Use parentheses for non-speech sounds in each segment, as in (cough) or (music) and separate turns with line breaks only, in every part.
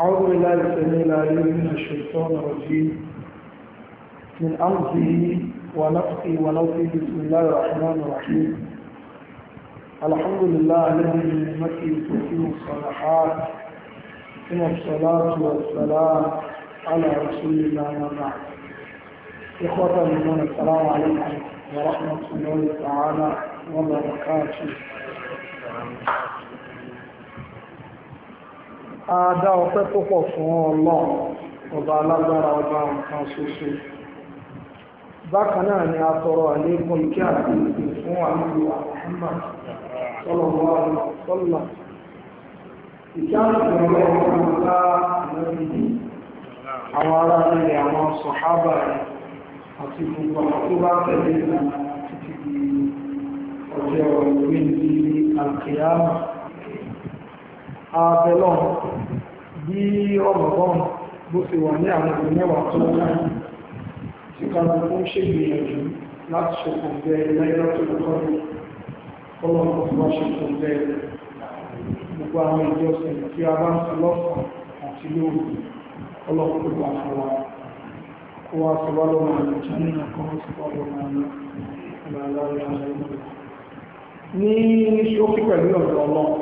أعوذ بالله السميع العليم من الشيطان الرجيم من أمره ونفخي ونفخي بسم الله الرحمن الرحيم الحمد لله الذي بنعمته تتم الصالحات ثم الصلاة والسلام على رسول الله وبعد إخوة الإيمان السلام عليكم ورحمة الله تعالى وبركاته àádá ọpẹ́ púpọ̀ fún ọlọ́run ọba alágbára ọba nǹkan ṣoṣo bákan náà ni a tọrọ àlékún kí àti ìpè fún àlùwà Muhammad sọlọmọ sọlọ ìjáàmù ọlọ́run ọba àlọ́bí àwọn ará nílẹ̀ àwọn sọ̀hábà rẹ̀ àti gbogbo àwọn tó bá tẹ̀lé ìlànà títí di ọjọ́ ìwé ní àkèyàmù abẹ́lọ́ bí ọmọbọ́n bó ti wà ní àwọn ìlú mẹ́wàá tó ń láyé tí kálukú ń ṣègbìyànjú láti ṣokùnbẹ́ lẹ́yìn tó lọ́kọ́ ní ọlọ́run tó wá ṣokùnbẹ́ gbogbo àwọn ìjọsìn tí a bá ń fi lọ́sàn àti lóru ọlọ́run tó wà fún wa kó wá sí wá lọ́wọ́ àlọ́ chánínà kan sí wá lọ́wọ́ àlọ́ ìlànà ìlànà ìlànà ní ṣókí pẹ̀lú ọ̀dọ̀ ọlọ́run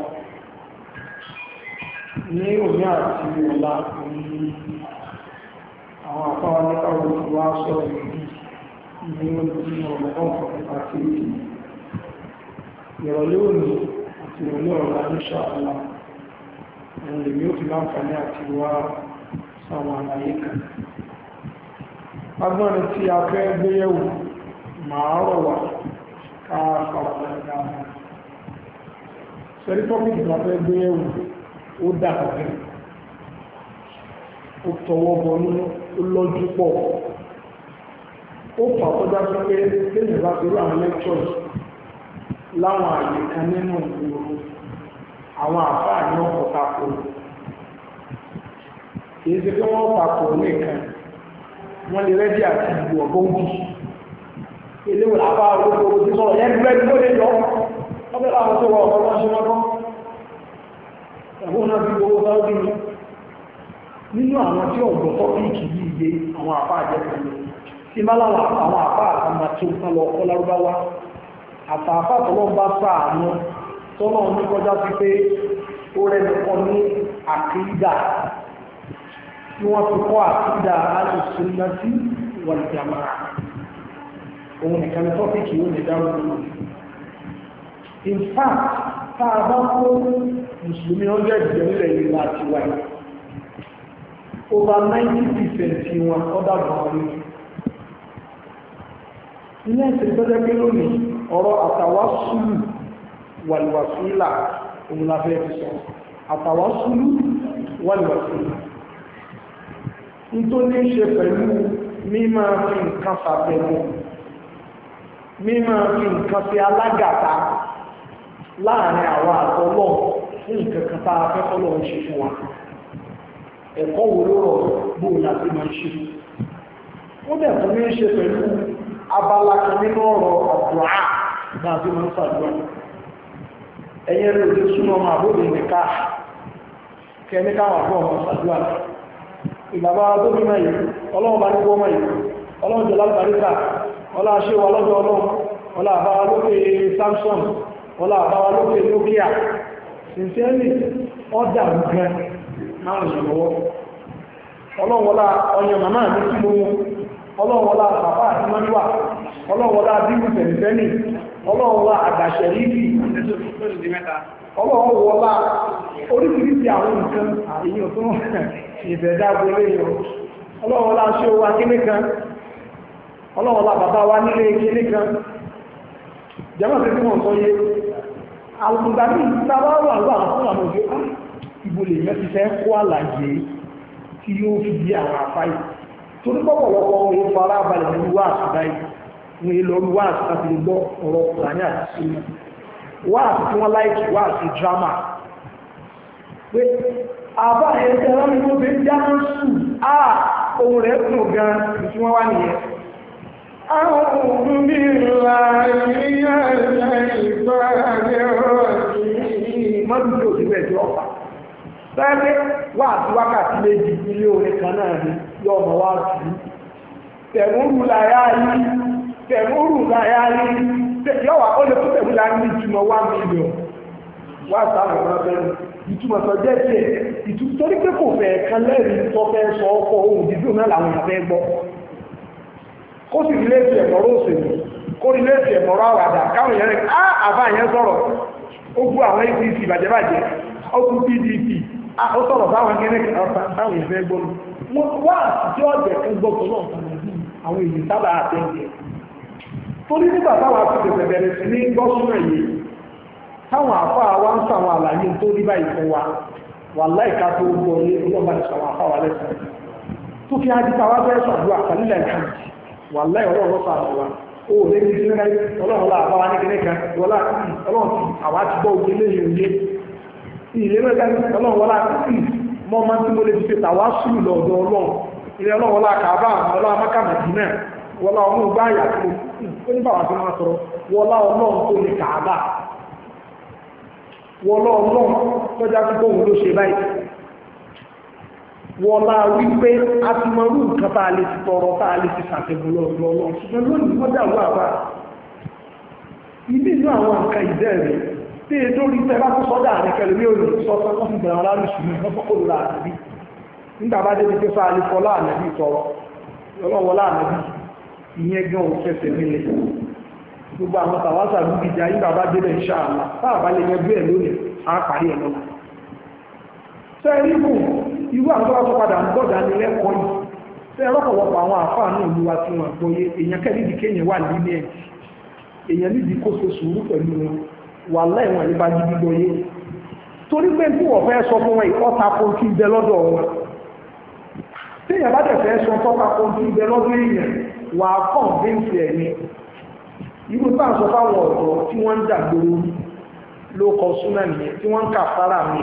ní òní àti ọ̀la òní àwọn àpáwọn nípa òkú wá sọ̀rọ̀ ìbí ní ojú ọ̀rọ̀ àti ìrọ̀lẹ́ òní àti ìrọ̀lẹ́ ní ó fi láǹfààní àti wá sáwọn àlàyé kan agbọ́n tí a fẹ́ gbéyẹ̀wò rọ̀ wá ká fẹ́ gbéyẹ̀wò ó dàpọ̀ bí ó tọwọ́ bọ nínú lọ́jú pọ̀ ó fà kọjá sí pé lẹ́yìn bá fi àwọn lectures láwọn àyè kan nínú ìlú àwọn àfáà ní ọkọ̀ tako kìí ṣe pé wọ́n tako nìkan wọ́n lè rẹ́dí àti ìlú ọ̀gbọ́n jù eléwòlá bá olóko láwọn ẹ̀wọ́n náà bí gbogbo bá rí ní nínú àwọn tí ọ̀gbọ̀n tọ́pìkì yìí yé àwọn àpá àjẹpẹ̀lú tí má lára àwọn àpá àtàmà tí ó kán lọ ọkọ lárúbáwá àtàpá tọ́lọ́ bá sáàánú tọ́lọ́ ní kọjá sí pé ó rẹ́nu kan ní àkídà tí wọ́n fi kọ́ àkídà alùsùnmọ́sí wàlìjàmà òun nìkan tọ́pìkì yóò lè dárò lónìí
tá a bá kó
mùsùlùmí ọjọ́ ìjẹ́ nílẹ̀ ìlú àti wáyé over ninety percent wọn ọ̀dà bọ̀ọ̀lù ilé ẹ̀sìn tọ́jọ́ pé lónìí ọ̀rọ̀ àtàwásùlù wàlúwàsílà òun la fẹ́ fi sọ àtàwásùlù wàlúwàsílà nítorí ṣe pẹ̀lú mímọ fi nǹkan ṣàbẹ̀wò mímọ fi nǹkan ṣe alágàtà. láàrin àwọn àtọ́lọ́ fún tá a fẹ́ kọ́lọ̀ ṣe fún wa ẹ̀kọ́ wo ló rọ̀ máa ṣe ó dẹ̀ tó ní í ṣe pẹ̀lú abala kan nínú ọ̀rọ̀ àdúrà bá máa ṣàdúrà ẹ̀yẹ rẹ̀ ti súnmọ́ ọmọ àbóbi nìka kẹ́ni káwọn àbọ̀ ọmọ ṣàdúrà máa yìí bá ọlá àbáwá lókè lókè à sincerely ọ̀dà nǹkan máa ń lọ́wọ́ ọlọ́wọ́lá ọyàn màmá mi sí ọlọ́wọ́lá bàbá àti mọ́níwà ọlọ́wọ́lá bíbù tẹ̀lifẹ́nì ọlọ́wọ́lá àgbàṣẹ ọlọ́wọ́lá oríṣiríṣi àwọn nǹkan àìyàn tó ọlọ́wọ́lá ṣé kan ọlọ́wọ́lá bàbá wa nílé kíní kan jẹ́mọ̀ tí wọ́n sọ yé àwọn ìgbà ní ìtawà wà wà fún àwọn òye á ìbò lè yẹn ti fẹ́ kó àlàyé tí yóò fi di àwọn àfá yìí tó ní pọ̀pọ̀lọpọ̀ òye fara balẹ̀ nínú wá àtúndá yìí wọn èlò ọdún wá àti gbọ́ ọ̀rọ̀ kùránì àti sílẹ̀ wá àti tí wọ́n láìkì wá àti drama pé àbá ẹ̀ẹ́dẹ̀rán ni wọ́n fi ń dáná sùn á ohun rẹ̀ dùn gan-an tí wọ́n wá nìyẹn أعوذ بالله من الشيطان wà sí wákàtí méjì ilé orin kan náà ni yóò mọ̀ wá sí tẹ̀múrù láyá yìí tẹ̀múrù láyá yìí yóò wá ó láyá ní ìtumọ̀ wá mílíọ̀n wá sáwọn ọ̀rọ̀ bẹ́ẹ̀ ìtumọ̀ sọ jẹ́ tiẹ̀ ìtumọ̀ pé kò kan lẹ́rìí sọ ọkọ̀ ohun dídùn náà làwọn àfẹ́ gbọ́. kó sì rí léèsì ẹ̀mọ́rọ́ òṣèlú kó rí léèsì ẹ̀mọ́rọ́ àwàdà káwọn èèyàn rẹ̀ á àbá yẹn sọ̀rọ̀ ó gbú àwọn APC bàjẹ́bàjẹ́ ó PDP ó sọ̀rọ̀ báwọn gẹ́gẹ́ báwọn ìfẹ́ gbọ́nu wá àtijọ́ ọ̀jẹ̀ kan gbọ́gbọ́ náà àwọn èèyàn sábà àtẹ̀yẹ torí nígbà táwọn àti bẹ̀rẹ̀ sí ní gbọ́sùnà yìí táwọn ń sàwọn àlàyé tó rí báyìí fún wa wà láìka tó gbọ́ ní ọlọ́mọdé sàwọn tó fi wàlá ìwọ́n ọ̀rọ̀ sàmù wa ó lé ní sí rẹ ọlọ́run là bá ní kíní kan wọlá ti àwa ti gbọ́ òkè lé òye ìlé mẹ́ta ọlọ́run wọlá mọ́ máa tí mo lè fi tètè àwa sùn lọ́dọ̀ ọlọ́run ilé wọlá kàbá náà wọlá ọmọ máa wọlá tó lè kàbá wọ́n bá wí pé a ti mọ irú nǹkan tá a lè ti tọrọ tá a lè ti ṣàtẹ̀gùn lọ́dọ̀ ọlọ́run ṣùgbọ́n lónìí wọ́n dàrú àbá ibi inú àwọn nǹkan ìdẹ́ rẹ̀ tí ètò orí tẹ́lá tó sọ́dà rẹ̀ kẹlẹ̀ ní òyìnbó sọ́sọ́ wọ́n sì bẹ̀rẹ̀ aláàrùn ṣùgbọ́n wọ́n fọ́kọ̀ lóra àdàbí nígbà bá dé pé fáà lè fọ́ láàmẹ́bí tọrọ ọlọ́wọ́ láàmẹ́bí ìyẹn gan ò fẹsẹ̀ nílẹ̀ gbogbo àwọn tàwásà gbígbì jà yí bàbá délẹ̀ irú àwọn tó bá tó padà ń gbọ́dà ní lẹ́kọ̀ọ́ yìí fẹ́ rọ́pọ̀lọpọ̀ àwọn àfáà náà ló wa tí wọ́n gbọ́ yé èèyàn kẹ́ nídìí kéèyàn wà nílé ẹ̀ èèyàn nídìí kó so sùúrù pẹ̀lú wọn wà láìwọ̀n ẹ̀rí bá jíjí gbọ́ yé torí pé tí wọ́n fẹ́ sọ fún wọn ìkọ́ta kó kí bẹ lọ́dọ̀ wọn téèyàn bá dẹ̀ fẹ́ sọ tọ́ka kó kí bẹ lọ́dọ̀ èèyàn wà á kàn bẹ́ǹsì ẹ̀ ni irú bá ń sọ fáwọn ọ̀dọ́ tí wọ́n ń dàgbòrò ló kọ súnmọ́ nìyẹn tí wọ́n ń kà fárá mi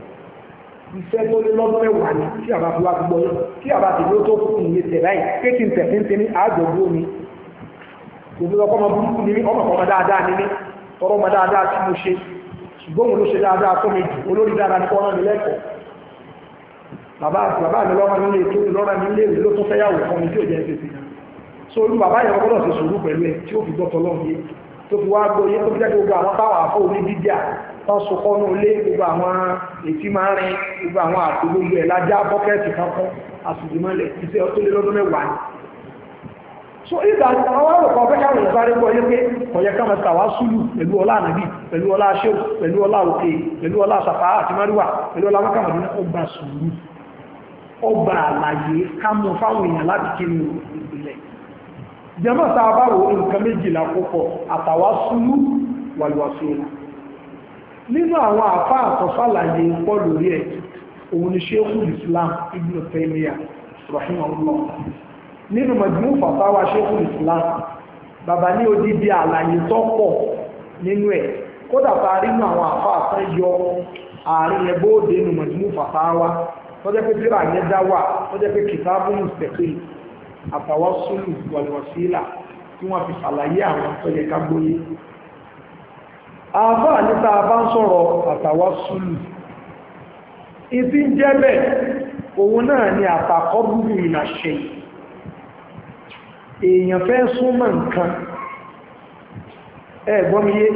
iṣẹ́ tó lé lọ́dún mẹ́wàá ni tí àbá fi wá gbọ́ yọ tí àbá ti ló tó kún ìyẹn tẹ̀ báyìí kéèkì tẹ̀sí ń tẹ̀mí àjọ dúró ni òbúrò ọkọ ọmọ burúkú ni mí ọmọ ọmọ dáadáa ni mí tọrọ ọmọ dáadáa tí mo ṣe ṣùgbọ́n mo ló ṣe dáadáa tó mi jù olórí dáadáa ní kọ́ ọ̀nà mi lẹ́kọ̀ọ́ bàbá bàbá mi lọ́mọ mi lè tó lọ́mọ mi lè ló tó fẹ́yàwó fún mi tí ò jẹ́ ẹ̀fẹ̀sì so olú bàbá yẹn gbọ́dọ̀ ṣe sùúrù pẹ̀lú ẹ tí ó fi gbọ́tọ̀ lọ́mọ yẹ tó fi wá gbọ́ yẹ tó fi jáde gbogbo àwọn táwọn àfọ onídíjà wọ́n sọkọ́ ní olé gbogbo àwọn ètí máa rin gbogbo àwọn àti gbogbo ẹ̀ lájá bọ́kẹ́ẹ̀tì kankan àsùnjùmọ́lẹ̀ iṣẹ́ tó lé lọ́dún mẹ́wàá ni. so ìgbà àwọn àròkọ fẹ́ káwọn ìsáré gbọ́ yé pé ọ̀yẹ́ ká máa tàwa súlù pẹ̀lú ọlá ànábì pẹ̀lú ọlá aṣẹ́wò pẹ̀lú ọlá òkè pẹ̀lú ọlá àṣàfà àti máríwà pẹ̀lú ọlá mọ́kàmọ́dún ọgbà sùúrù ọgbà àlàyé ká fáwọn èèyàn láti kiri ìpìlẹ̀ jẹ́mọ̀ tá nǹkan méjìlá púpọ̀ àtàwà súlù wàlúwàsílà nínú àwọn àfa àtọ́fàlàyé pọ̀ lórí ẹ̀ òun ni sheikhul islam ibn taymiya rahimahullah nínú majmu fatawa sheikhul islam bàbá ní odidi àlàyé tó pọ̀ nínú ẹ̀ kódà tá a rí nínú àwọn àfa àtọ́ yọ ààrin ẹ̀ bóde nínú majmu fatawa tọ́jẹ́ pé tíra yẹn dá wà tọ́jẹ́ pé kìtàbù mustaqil àtàwọ́sùlù wal wasila tí wọ́n fi ṣàlàyé àwọn tọ́jẹ́ ká gbóyé àfáà níta bá ń sọ̀rọ̀ àtàwà súlù ìfi ń jẹ́ bẹ́ẹ̀ òun náà ni àtàkọ́ búrú ìlàṣẹ èèyàn fẹ́ súnmọ́ nǹkan ẹ mi yé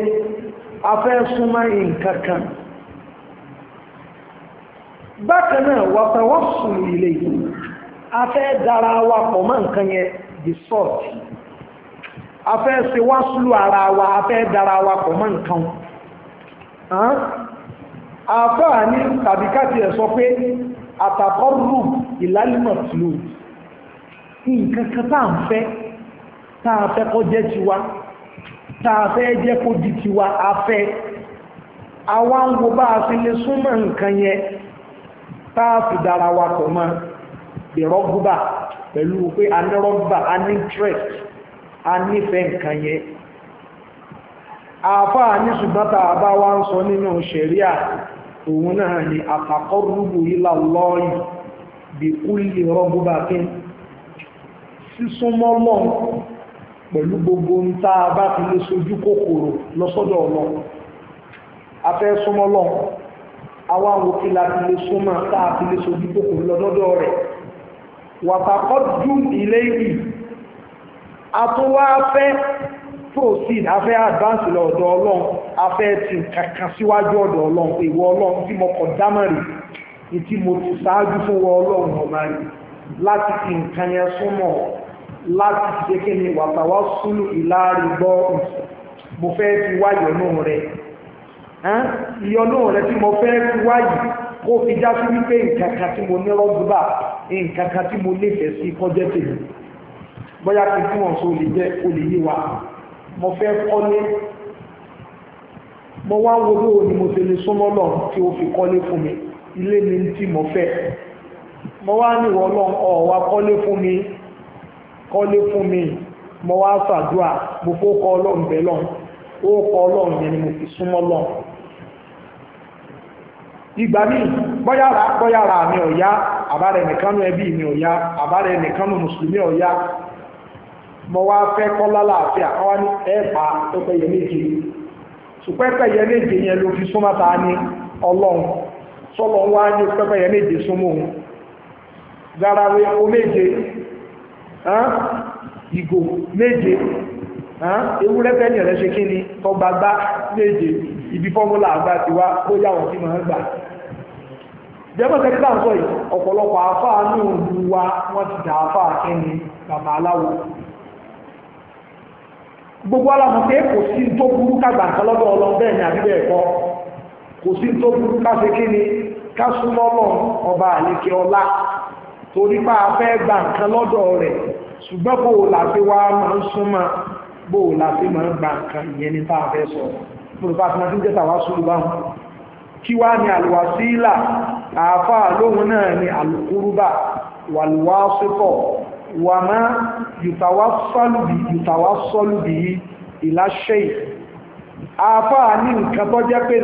a fẹ́ súnmọ́ nǹkan kan bákan náà wàtàwà súlù ilé a fẹ́ dára wa pọ̀ mọ́ nǹkan yẹn the afẹ́ ṣe wá sùlù ara wa afẹ́ dara wa pọ̀ mọ́ nǹkan àfáà ní tàbí káàkiri ẹ̀ sọ pé àtàkọ́rù ìlálìmọ̀ tìlú nǹkan kan tá à ń fẹ́ tá a fẹ́ kó jẹ́ tiwa tá a fẹ́ jẹ́ kó di tiwa a àwa ń wo bá a fi lè súnmọ́ nǹkan yẹn tá a fi dára wa pọ̀ mọ́ ìrọ́gbà pẹ̀lú pé a ní rọ́gbà a ní interest a nífẹ̀ẹ́ nǹkan yẹn àáfàá ní ṣùgbọ́n tá a bá wá ń sọ nínú ṣẹ̀ríà òun náà ni àtàkọ́rùbù ilà lọ́ọ̀yì bí kúlì rọ́gbùbàkín sísúnmọ́ lọ́n pẹ̀lú gbogbo ń tá a bá fi lè sojú kòkòrò lọ́sọ́dọ̀ lọ a fẹ́ súnmọ́ lọ́n àwa lè súnmọ́ tá a fi lè sojú kòkòrò lọ́dọ̀ rẹ̀ wàtàkọ́ dùn ilé yìí àtúnwá afẹ́ proceed afẹ́ advance lọ ọ̀dọ̀ ọlọ́run afẹ́ tí kankan síwájú ọ̀dọ̀ ọlọ́run pé ìwọ ọlọ́run tí mo kọ̀ dámọ̀rì tí mo ti ṣáájú fún wọ ọlọ́run ọba rẹ̀ láti fi nǹkan yẹn súnmọ́ láti ṣe kí ni wàtàwá súnú ìlàrí gbọ́ mo fẹ́ fi wáyọ̀ náà rẹ̀ ìyọnú rẹ̀ tí mo fẹ́ fi wáyìí kó fi já sí wípé nǹkan kan tí mo ní rọ́gbà nǹkan kan tí mo nífẹ̀ẹ́ sí kọjá bóyá kí n túmọ̀ sí olè jẹ́ olè yí wa mo fẹ́ kọ́lé mo wá wo bí wo ni mo ṣe lè súnmọ́ lọ tí o fi kọ́lé fún mi ilé mi tí mo fẹ́ mo wá ní ìwọ lọ ọ wá kọ́lé fún mi kọ́lé fún mi mo wá ṣàdúrà mo fó kọ́ ọlọ́run bẹ́ẹ̀ lọ́run ó kọ́ ọlọ́run yẹn ni mo fi súnmọ́ lọ́run ìgbà míì bọ́yára bọ́yára mi ò yá àbárẹ̀ nìkan ẹbí mi ò yá àbárẹ̀ nìkan mùsùlùmí ò yá mo wá fẹ́ kọ́ lálàáfíà wọ́n ní ẹ̀ẹ́pà tó méje ṣùgbọ́n méje yẹn ló fi súnmọ́ ta ní sọlọ sọ́lọ́ wá ní méje súnmọ́ òun garawe o méje ìgò méje ewúrẹ́ fẹ́ni ṣe tọgbà gbá méje ibi àgbà ti wá máa ń gbà gbogbo alamọ pé kò sí tó burú ká gbà nǹkan lọ́dọ̀ ọlọ́run bẹ́ẹ̀ ni àbí bẹ́ẹ̀ kọ́ kò sí tó burú ká ṣe kí ni ká súnmọ́ ọba àlekè ọlá torí pa afẹ́ gbà nǹkan lọ́dọ̀ rẹ̀ ṣùgbọ́n bò láti wá máa ń súnmọ́ bò láti máa ń gbà nǹkan ìyẹn ní tá a fẹ́ sọ lórúkọ àti máa ti ń jẹ́ tàwa sùn kí wá ní àlùwàsílà àáfàá lóhun náà ní àlùkùrúbà wàlúwàásípọ̀ wàmá yùtàwásọ́lùbì ìláṣẹ́ yìí àáfàá ní nǹkan tó jẹ́ pé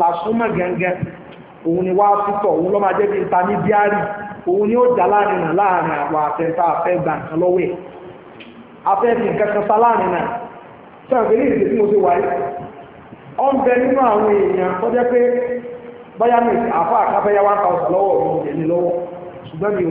lásúnmọ̀ gẹ́gẹ́ òun ni wá púpọ̀ òun ló máa jẹ́ bí ta ni ó jà láàrin náà láàrin àwọn àtẹ̀ntà àfẹ́ gbà nǹkan lọ́wọ́ sa láàrin náà sọ̀rọ̀ pé ní ọ ń bẹ nínú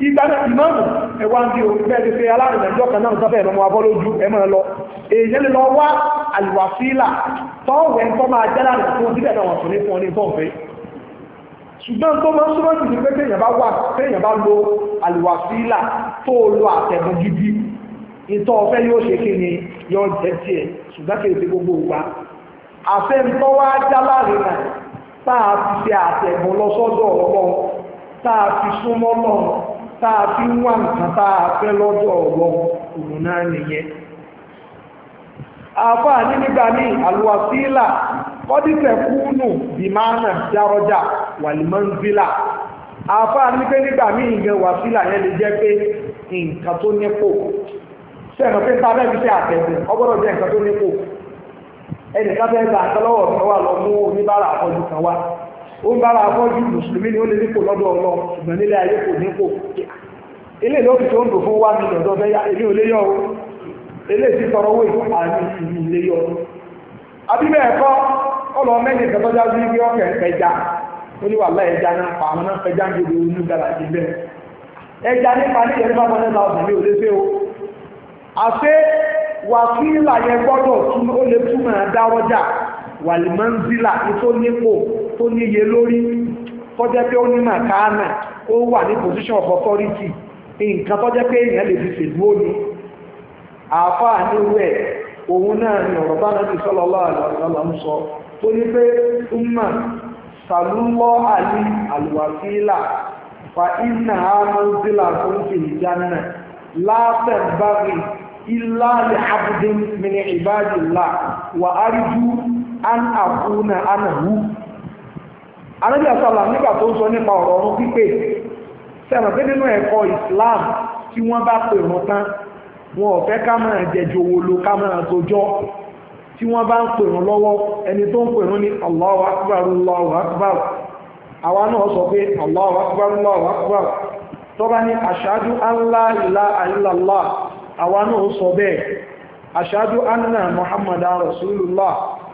ìgbàgbà ìmáàmù ẹ̀wà ń bí o bẹ́ẹ̀ ti ṣe alárinà ìjọ kan náà sábẹ́ ìrànwọ́ abọ́lójú ẹ máa lọ èèyàn lè lọ wá àlùwàsílà tọ́wẹ̀ tó máa jẹ́ láàrin fún síbẹ̀ náà wọ́n tún ní fún ọ ní tọ́ǹfẹ́ ṣùgbọ́n tó máa ń súnmọ́ jù ní pé téèyàn bá wà téèyàn bá lo àlùwàsílà tó lo àtẹ̀gùn gidi ìtọ́ ọ̀fẹ́ yóò ṣe kí ni yọ jẹ́ tiẹ̀ ṣùgbọ́n kì í ṣe gbogbo wa àfẹ́ntọ́ wá já láàrin náà tá a ti ṣe àtẹ̀gùn lọ sọ́dọ̀ ọlọ́run tá a ti súnmọ́ lọ́run tá fi ń wá a ọ̀wọ́ òun nìyẹn. àáfàá ní nígbà ní àlùwàsílà kọ́dísẹ̀ bìmánà dárọ́jà wàlímọ́nzílà àáfàá ní pé nígbà míì ìgbẹ́ wàsílà yẹn lè jẹ́ pé nǹkan tó nípò sẹ́nu pé bẹ́ẹ̀ fi ṣe àtẹ̀sẹ̀ ọgbọ́dọ̀ jẹ́ nǹkan tó nípò fẹ́ẹ́ gbà kan ó ń bára afọ́jú mùsùlùmí ni ó lè nípò lọ́dọ̀ ọlọ́ ṣùgbọ́n nílé ayé kò nípò ilé ìlọ́pù tó ń dò fún wá ní ọ̀dọ́ fẹ́ yá èmi ò léyọ̀ o ilé ìsìn tọrọ owó ìfún àmì ìlú léyọ̀ o abíbẹ̀ ẹ̀kọ́ ọlọ mẹ́rin kan tọ́já sí ibi ọkẹ̀ ó ní wàhálà ẹja náà pa àwọn náà ń inú gbàrà sí bẹ́ẹ̀ ẹja o yẹn gbọ́dọ̀ ó wàlìmọ́ńsílà tó nípò tó níye lórí tọ́jẹ́ pé ó ní màkánà ó wà ní position of authority nǹkan tọ́jẹ́ pé èèyàn lè fi ṣèlú òní àáfàá nírú ẹ̀ òun náà ni ọ̀rọ̀ bá náà ti sọ́lọ́ lọ́wọ́ ń sọ tó ní pé umma sàlúwọ́ fa iná tó ń fi láàfẹ́ bá rí ilá wa an àfúnà anàhú anábì àsàlà nígbà tó ń sọ nípa ọ̀rọ̀ ọ̀run pípé sẹ́wọ̀n pé nínú ẹ̀kọ́ Islam tí wọ́n bá pè wọ́n tán wọn ò fẹ́ ká máa jẹjọ owó lo ká máa tójọ́ tí wọ́n bá ń pè wọ́n lọ́wọ́ ẹni tó ń pè wọ́n ní Akbar allah Akbar àwa náà sọ Akbar Akbar la àwa náà sọ bẹ́ẹ̀ anna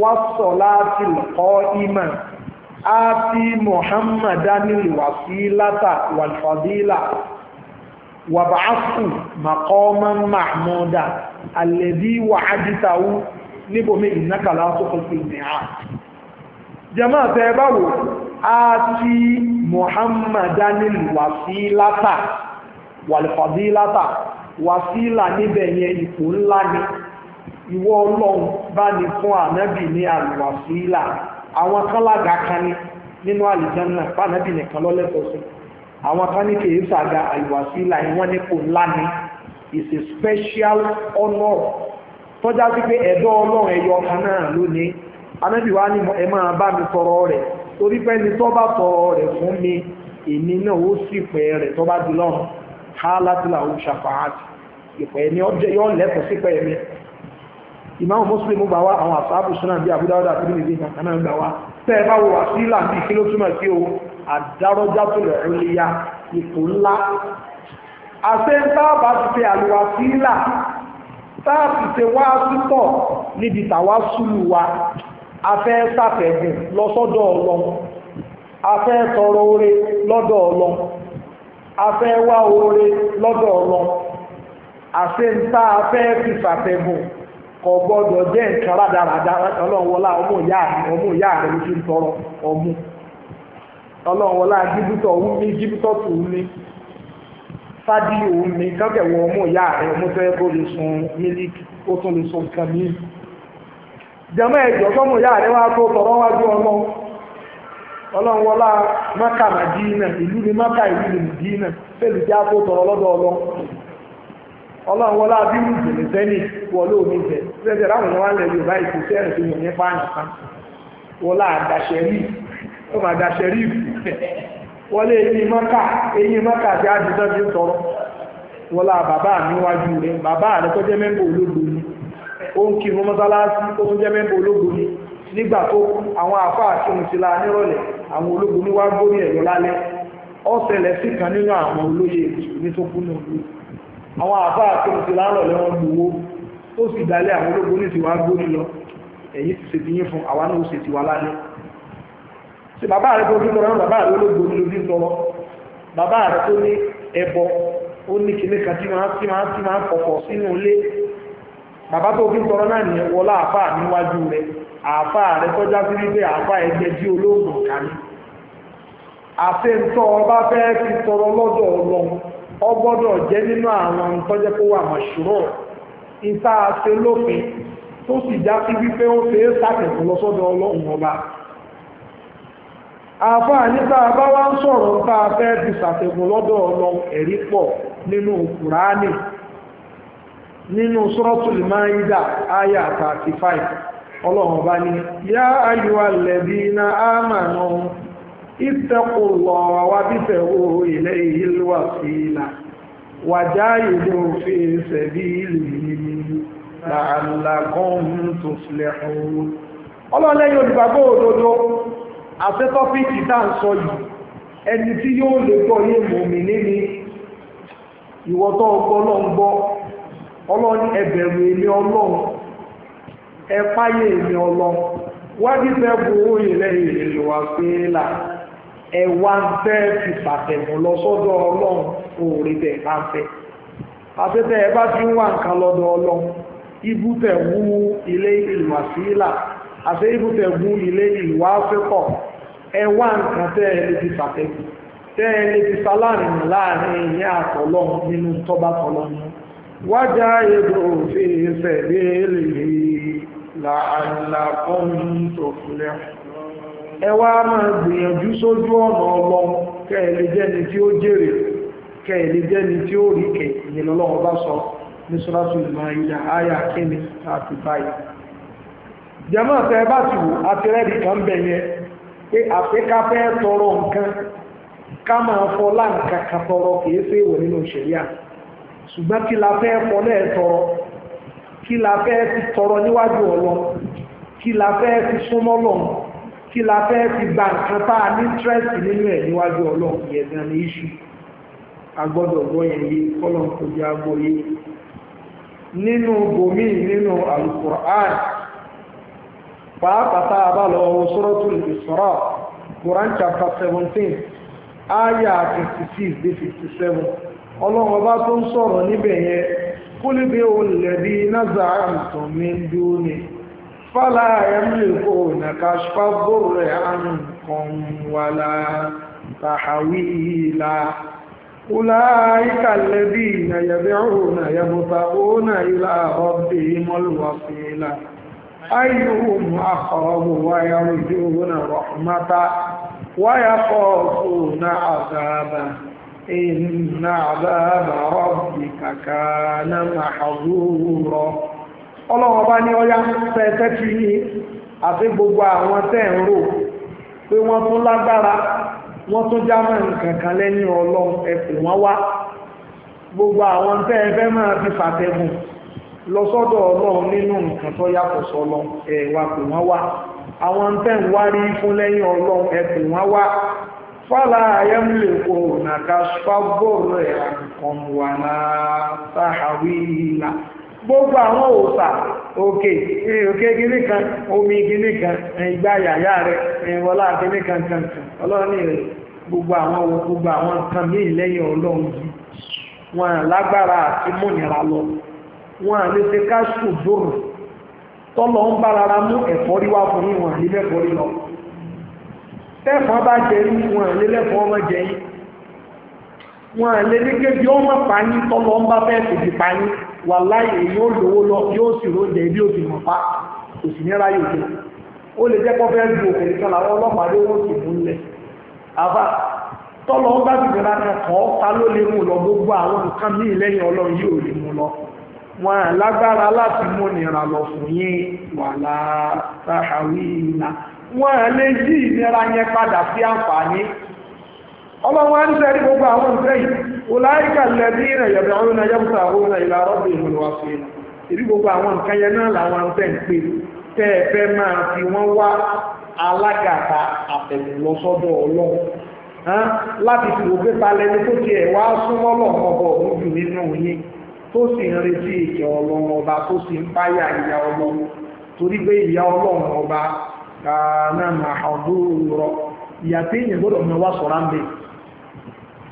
wàsọ̀láàtì lọ́kọ́ ìmọ̀ àti muhammadani wàsílátà wàlfàdílà wàbàásù màkọ́mán mahmuda alẹ́bí wàhádìtàwù níbòmí ìnákàlá tó kọ́sí ìnìyà jama'a tẹ́ báwo àti muhammadani wàsílátà wàlfàdílátà wàsílà níbẹ̀ yẹn ipò ńlá ni. Wasilata, ìwọ ọlọ́run bá ní fún ànábì ní àlùwàsílà àwọn kan lága kan ní nínú àlìjánná fànábì nìkan lọ́lẹ́kọ̀ọ́ sí àwọn kan ní kèé sàga àlùwàsílà ìwọ́n nípò a special honour tọ́já sí pé ẹ̀dọ́ ọlọ́run ẹ̀yọ ọkàn náà lónìí ànábì wa ní ẹ máa bá mi tọrọ rẹ̀ torí fún mi èmi náà ó sì pẹ́ rẹ̀ tọ́ bá di lọ́run ká ni yọ lẹ́kọ̀ọ́ sí pẹ́ mi ìmáàmù mùsùlùmí gbà wá àwọn àṣàbù súnà bíi àbúdáwọ́dà àti bíi nìyí kan náà gbà wá tẹ́ ẹ bá wo wàsílà bíi kí ló túmọ̀ sí o àdárọ́jà tó lè rí ya ipò ńlá àṣẹ táàbà ti ṣe àlùwàsílà táàbì ṣe wá súpọ̀ níbi tàwa súlù wa afẹ́ sàfẹ̀gùn lọ́sọ́dọ̀ ọlọ afẹ́ tọrọ oore lọ́dọ̀ ọlọ afẹ́ wá oore lọ́dọ̀ ọlọ àṣẹ ń tá afẹ́ fi kò gbọ́dọ̀ nkara nǹkan rádaràda ọlọ́run wọlá ọmụ yaa ọmọ ìyá rẹ̀ ọmụ. Ọlọwọla ń tọrọ ọmú ọlọ́run wọlá jíbítọ̀ òun ní jíbítọ̀ tù ú ọmụ fádì òun lè sun mílíkì ó tún lè sun nǹkan míì jẹmọ́ tó tọrọ ọlọ́run wọlé abíwú jèlè sẹ́ni wọlé omi jẹ sẹ́sẹ̀ láwọn èèyàn wá ń lẹ yorùbá ìkú sẹ́rìn tó yàn nípa àyàn kan wọlé àdàṣẹ́rí wọlé eyín mọ́kà eyín mọ́kà ti ń tọrọ bàbá mi wájú rẹ bàbá rẹ tó jẹ́ mẹ́mbà ni ó ń mọ́sálásí jẹ́ mẹ́mbà ni nígbà tó àwọn àti òǹtìlá nírọ̀lẹ́ àwọn ni wá gbórí lálẹ́ kan nínú àwọn àbá àtòmùsí láàrọ̀ lẹ́wọ́n gbowó ó sì dalẹ̀ àwọn ológun ní ìsìnwá gbóni lọ ẹ̀yìn ti ṣètì yín fún àwa náà ó ṣètì wa lálẹ́ ṣe bàbá rẹ tó ní tọrọ náà bàbá rẹ ológun ní lójú tọrọ bàbá rẹ tó ní ẹbọ ó ní kìnnì kan tí máa tí máa tí máa kọ̀kọ̀ sínú ilé bàbá tó fi ń tọrọ náà ní wọlá àfà níwájú rẹ àfà rẹ tọ́já sí wípé àfà ẹgbẹ́ jí olóògùn kàní àti ń tọ́ ọba fẹ́ fi tọrọ lọ́dọ̀ ọlọ́run ọ gbọ́dọ̀ jẹ́ nínú àwọn tọ́jẹ́ kó wà mọ̀ṣúrọ̀ ìta àṣẹ lófin tó sì já sí wípé ó fẹ́ sàtẹ̀kùn lọ́sọ́dọ̀ ọlọ́run ọba nípa bá wá ń fẹ́ fi lọ́dọ̀ pọ̀ nínú kùránì nínú àyà 35 ọlọ́run ọba ní yá اتقوا الله وابتغوا إليه الوسيلة وجاهدوا في سبيله لعلكم تفلحون ọlọ́lẹ́yìn olùgbàgbọ́ òdodo àti tá à ń sọ yìí ẹni tí yóò lè gbọ́ yé mòmí níní ìwọ́tọ́ ọgbọ́ náà ń gbọ́ èmi ọlọ́run ẹ̀páyé èmi wájú bu ìlú wa ẹ̀wà ń fẹ́ fi pàtẹ̀mù lọ sọ́dọ̀ ọlọ́run òòrè tẹ̀ bá ń fẹ́ àtẹ́tẹ́ ẹ bá ti ń wà nǹkan lọ́dọ̀ ọlọ́run ibùtẹ̀ wú ilé ìwàsílà àti ibùtẹ̀ wú ilé ìwà afẹ́kọ̀ ẹ̀wà nǹkan tẹ́ ẹ lè fi pàtẹ̀mù tẹ́ ẹ lè fi sálárìn láàrin ìyá àtọ̀lọ́run nínú tọ́ba tọ́lọ́run wájà èdò òfin ìfẹ̀lẹ́ lè làálàá kọ́ńtò fúlẹ́fù ẹ wá máa gbìyànjú sójú ọ̀nà ọlọ́run kẹ́ ẹ lè jẹ́ni tí ó jèrè kẹ́ ẹ lè jẹ́ni tí ó rí kẹ́ ìyẹn lọ́wọ́ bá sọ ní sọ́lásù ìmáyídà áyà kíni àti báyìí. jẹ́mọ́ tẹ́ bá ti wò àti rẹ́ẹ̀dì kan kí la fẹ́ fọlẹ́ tọrọ kí la fẹ́ ti tọrọ níwájú ọlọ kí la fẹ́ ti súnmọ́ lọ́run kí la fẹ́ fi gba nǹkan tá a ní tírẹ́sì nínú ẹ̀ níwájú ọlọ́run yẹn gan ni iṣu agbọ́dọ̀ gbọ́ yẹn yé kọ́lọ́n kò jẹ́ agbọ́ yé nínú bòmí nínú alukur'an pàápàá tá a bá lọ wọ suratul Isra Quran chapter seventeen aya fifty six dé fifty seven ọlọ́run ọba tó ń sọ̀rọ̀ níbẹ̀ yẹn kúlíbi olùlẹ̀bí náà zàá àtọ̀ mi ni. فلا يملكون كشف الضر عنكم ولا تحويلا أولئك الذين يدعون يبتغون إلى ربهم الوسيلة أيهم أقرب ويرجون رحمة ويخافون عذابه إن عذاب ربك كان محظورا ọlọ́run ní ọya pẹ̀ẹ́tẹ́ fi ní àfi gbogbo àwọn tẹ́ ń rò pé wọ́n tún lágbára wọ́n tún já mọ́ lẹ́yìn ọlọ́run ẹ̀sìn wọn wá gbogbo àwọn tẹ́ ẹ fẹ́ máa fi fàtẹ́gùn lọ sọ́dọ̀ ọlọ́run nínú nǹkan tó ẹ̀ wá pè wọ́n wá àwọn tẹ́ ń wá rí fún lẹ́yìn ọlọ́run ẹ̀sìn wá fọ́lá gbogbo àwọn òòsà òkè òkè gíní kan omi gíní kan ìgbà yàyà rẹ ìwọlá gíní kan kan ọlọ́run ní rẹ gbogbo àwọn wo gbogbo àwọn nǹkan míì lẹ́yìn ọlọ́run yìí wọn lágbára àti múnira lọ wọn à lè ṣe ká ṣùgbọ́n tọ́lọ̀ ń bá rárá mú ẹ̀fọ́ rí wá fún yín wọn à lè lẹ́fọ́ rí lọ tẹ́fọ́ bá jẹ yín wọn à lè lẹ́fọ́ ọmọ jẹ yín wọn à lè ní kébi ọmọ pa yín tọ́lọ̀ ń bá fẹ́ẹ́ fìdí pa yín wà láyé yóò lówó lọ yóò sì lóúnjẹ ibi ò sì mọ̀ pa kò sì ní ráyè òjò ó lè jẹ́ kó fẹ́ ju òkèlè kan làwọn ọlọ́pàá ló wọ́n sì mú lẹ̀ àbá tọ́lọ ń bá bìbí rárá kọ́ ta ló lè mú lọ gbogbo àwọn nǹkan míì lẹ́yìn ọlọ́run yóò lè mú lọ wọn lágbára láti mú nira lọ fún yín wà láàárín wọn lè yí ìnira yẹn padà sí àǹfààní ọlọ́wọ́ á ń sẹ́rí gbogbo àwọn nǹkan yìí ọláìkà lẹ́bí rẹ̀ yẹ̀bẹ̀ ọ̀run náà yẹ́bùsà ọ̀run náà ìlà ọ̀rọ̀ bìí ìhùn wá sí gbogbo àwọn nǹkan yẹn náà làwọn ń ń pè tẹ́ ẹ fẹ́ fi wọ́n wá láti fi wò pé balẹ̀ tó tiẹ̀ wá súnmọ́ nínú yín tó sì ń retí ọlọ́run ọba tó sì ń báyà ìyá ọlọ́run torí pé ìyá ọlọ́run ọba kàánà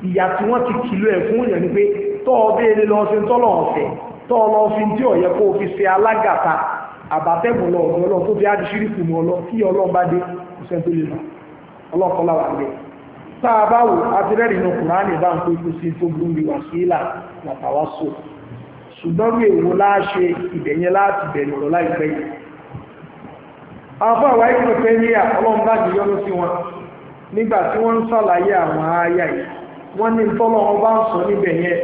ìyà tí wọ́n ti kìlọ̀ ẹ̀ fún èèyàn ni pé tọ́ ọ béèrè lọ sí tọ́lọ̀ ọ̀fẹ́ tọ́ ọ lọ fi tí ọ̀yẹ́ kó o fi ṣe alágàtà àbátẹ́gùn lọ ọ̀dọ̀ ọlọ́run tó fi á di ṣíríkù mọ́ ọlọ́ kí ọlọ́run bá dé ọ̀sẹ̀ tó lè nà ọlọ́kọ́lá wà lẹ̀ tá a àwọn àwọn ìpínlẹ̀ ní à ọlọ́run sí wọn nígbà tí wọ́n ń sàlàyé àwọn àáyá yìí wọ́n ní tọ́lọ́ ọba ń sọ níbẹ̀ yẹn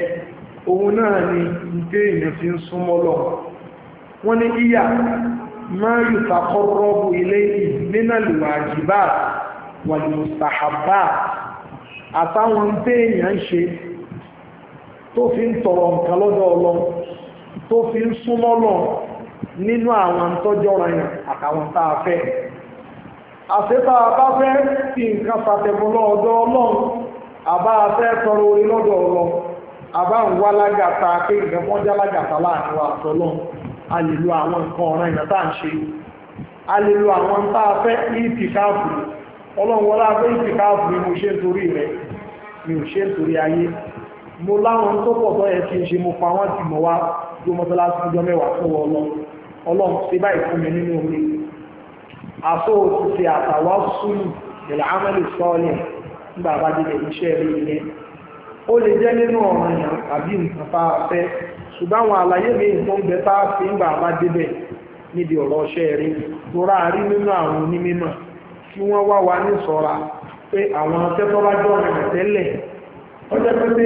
òun náà ni ìdé èèyàn fi ń súnmọ́ lọ wọ́n ní ìyà máa yù takọ́rọ́bù ilé ìgbénàlùwà àjìbá wàlùmùsàhábà àtàwọn ìdé èèyàn ń ṣe tó fi ń tọrọ nǹkan lọ́dọ̀ ọlọ́ tó fi ń súnmọ́ lọ nínú àwọn tọ́jọ́ ranyàn àtàwọn tá a fẹ́ àṣetà bá fẹ́ fi nǹkan pàtẹ́kùn lọ́dọ̀ ọlọ́run àbá tọrọ àbá pé láàrin wa a lè lo àwọn nǹkan ọ̀ràn ìyá ń ṣe a lè lo àwọn tá a fẹ́ ìtì káàbù rẹ mi ò ṣe ayé mo láwọn tó pọ̀ n ṣe mo pa wọ́n ti mọ̀ wá tó mọ́tọ́lásí ọjọ́ mẹ́wàá fún wọn lọ ọlọ́run ṣe báyìí fún mi nínú omi òtútù nígbà bá dé iṣẹ́ rí ilẹ̀ ó lè jẹ́ nínú ọ̀ràn yàn àbí nǹkan tá fẹ́ ṣùgbọ́n àwọn àlàyé mi nǹkan ń bẹ fi nígbà bá débẹ̀ níbi ọ̀rọ̀ iṣẹ́ rí rọra rí nínú àwọn onímọ̀ kí wọ́n wá wa ní sọ́ra pé àwọn akẹ́kọ̀ọ́ bá jọ tẹ́lẹ̀ pé di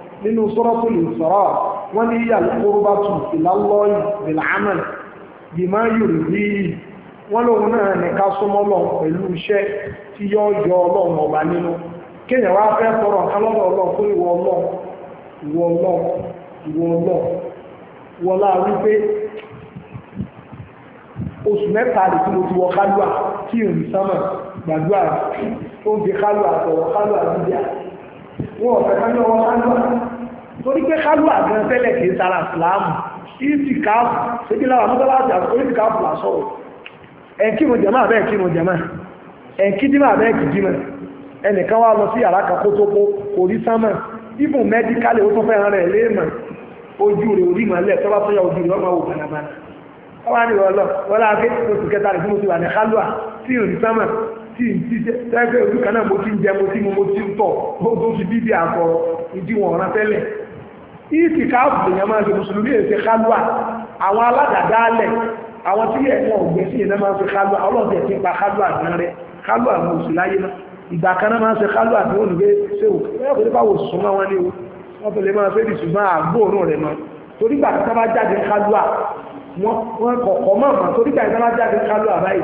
nínú suratul Isra wọ́n ní yíyà lókòrúbátù ìlàlọ́yì bìlàámà bìmá yorùbí wọ́n lòun náà nìka súnmọ́ lọ pẹ̀lú iṣẹ́ tí yọ yọ ọlọ́run ọba nínú kéèyàn wá fẹ́ tọrọ nǹkan lọ́dọ̀ fún ìwọ ọlọ́run ìwọ ọlọ́run ìwọ ọlọ́run wọlá wípé oṣù mẹ́ta rẹ̀ tí mo ti wọ kálúà tí ìrìn sámà gbàdúrà ó ń fi kálúà sọ̀rọ̀ kálúà dídí àti wọn ọ̀fẹ́ ká lọ́wọ́ kálúà torí pé kálúà gan tẹ́lẹ̀ kì í sara ìsìláàmù ìsì káàpù ṣébí lára mọ́tàláàjà oríṣi káàpù làṣọ ẹ̀kí mo jẹ̀mọ́ àbẹ́ ẹ̀kí mo jẹ̀mọ́ ẹ̀kí dímọ̀ àbẹ́ ẹ̀kí dímọ̀ ẹnìkan wá lọ sí yàrá kan kótópó kò rí sánmà ibùn mẹ́díkálì ó tún fẹ́ràn rẹ̀ léèmọ̀ ojú rẹ̀ orí mọ̀lẹ́ tọ́ba tó yà ojú rẹ̀ ọmọ tí n ti jẹ tẹ́gbẹ́ ojú kan náà mo ti ń jẹ mo ti mu mo ti ń tọ̀ tó ti bí bí àkọrọ ìdí wọn ọ̀ràn tẹ́lẹ̀ ìsì káàbù lèèyàn máa ń ṣe mùsùlùmí èsè kálúà àwọn aládàádáálẹ̀ àwọn tí ẹ̀wọ̀n ọ̀gbẹ́ sí ìyẹn máa ń ṣe kálúà ọlọ́ọ̀dẹ̀ ti pa kálúà gan rẹ kálúà mo sì láyé náà ìgbà kan náà máa ń ṣe kálúà ní olùgbé ṣéwò ẹ̀rọ tó bá wò sùn máa wọn ní o wọ́n fẹ́lẹ́ máa fẹ́ dìṣùgbọ́n àgbóòrùn rẹ̀ mọ́ torí gbà tí wọ́n bá jáde kálúà wọ́n kọ̀ọ̀kọ̀ mọ́ àmọ́ torí gbà tí wọ́n bá jáde kálúà báyìí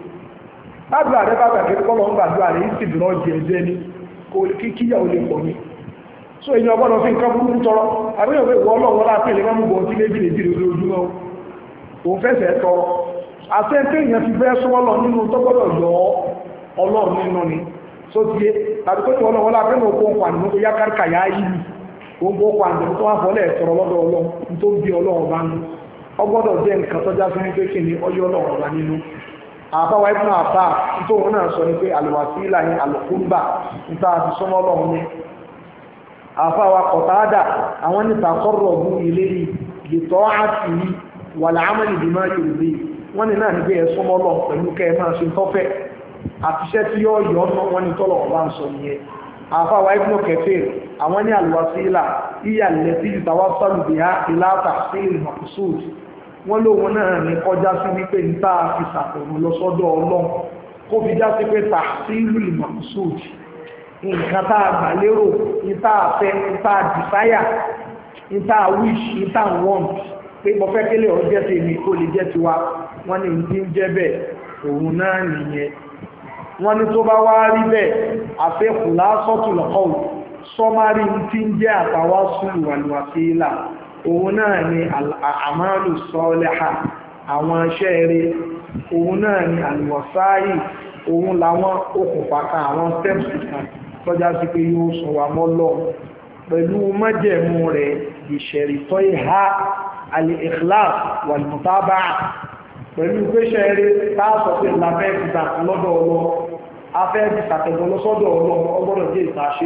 ábúrò a gbàgbé kọ́lọ̀ ń gbàdúrà rẹ̀ sì dùn ọ́ jẹ ẹ̀jẹ̀ ni kí ni so èyí ọgbọ́dọ̀ fi nǹkan burúkú tọrọ àbẹ́yẹ̀ pé ìwọ ọlọ́wọ́ lápẹ́ lè má mú bọ̀ ọtí lébì lébì lójoojúmọ́ òun fẹ́sẹ̀ èèyàn fi lọ nínú tó gbọ́dọ̀ yọ ọlọ́run nínú ni so ti wọ́n lọ́wọ́ lápẹ́ náà kó ń pàdé kó ń bí àbáwá ibùdó àbá tó wọn náà sọ ni pé àlùwàsílà yẹn àlùkùnbà níta àti sọmọ ọlọ́run ni àbáwá kọ̀tàádà àwọn níta kọ́rọ̀ ọ̀gbìn ilé yìí lìtọ́ àti yìí wà máa yòrò bí ní náà pẹ̀lú kẹ́ ẹ máa ṣe tọ́fẹ́ àtiṣẹ́ tí yọ wọn ní tọ́lọ̀ ọba ń sọ nìyẹn àfáwà ibùdó kẹfẹ́ àwọn ní àlùwàsílà wọ́n lóun náà ní kọjá sí wípé ń tá fi lọ ọlọ́run kó fi já sí pé tà sí lùlù mọ̀kúsùdì nǹkan tá gbà lérò ní tá fẹ́ ní tá dìsáyà ní tá wíṣ ní tá wọ́n pé mo fẹ́ kélé ọ̀hún jẹ́ tèmi kó lè jẹ́ tiwa wọ́n ní ní ń jẹ́ bẹ́ẹ̀ òun náà ni àmàlù sọ́ọ́lẹ́hà àwọn iṣẹ́ eré òun náà ni àlùwọ̀sáyì òun làwọn okùnfà kan àwọn steps kan tọ́já sí pé yóò sọ wà mọ́ lọ pẹ̀lú májẹ̀mú rẹ̀ ìṣẹ̀rìtọ́ ìhà al-ikhlas wal-mutaba'ah pẹ̀lú gbéṣẹ́ eré táàsọ̀ pé làbẹ́ ìgbà lọ́dọ̀ ọlọ́ afẹ́ ìgbà lọ́sọ́dọ̀ ọlọ́ ọgbọ́dọ̀ jẹ́ ìta ṣe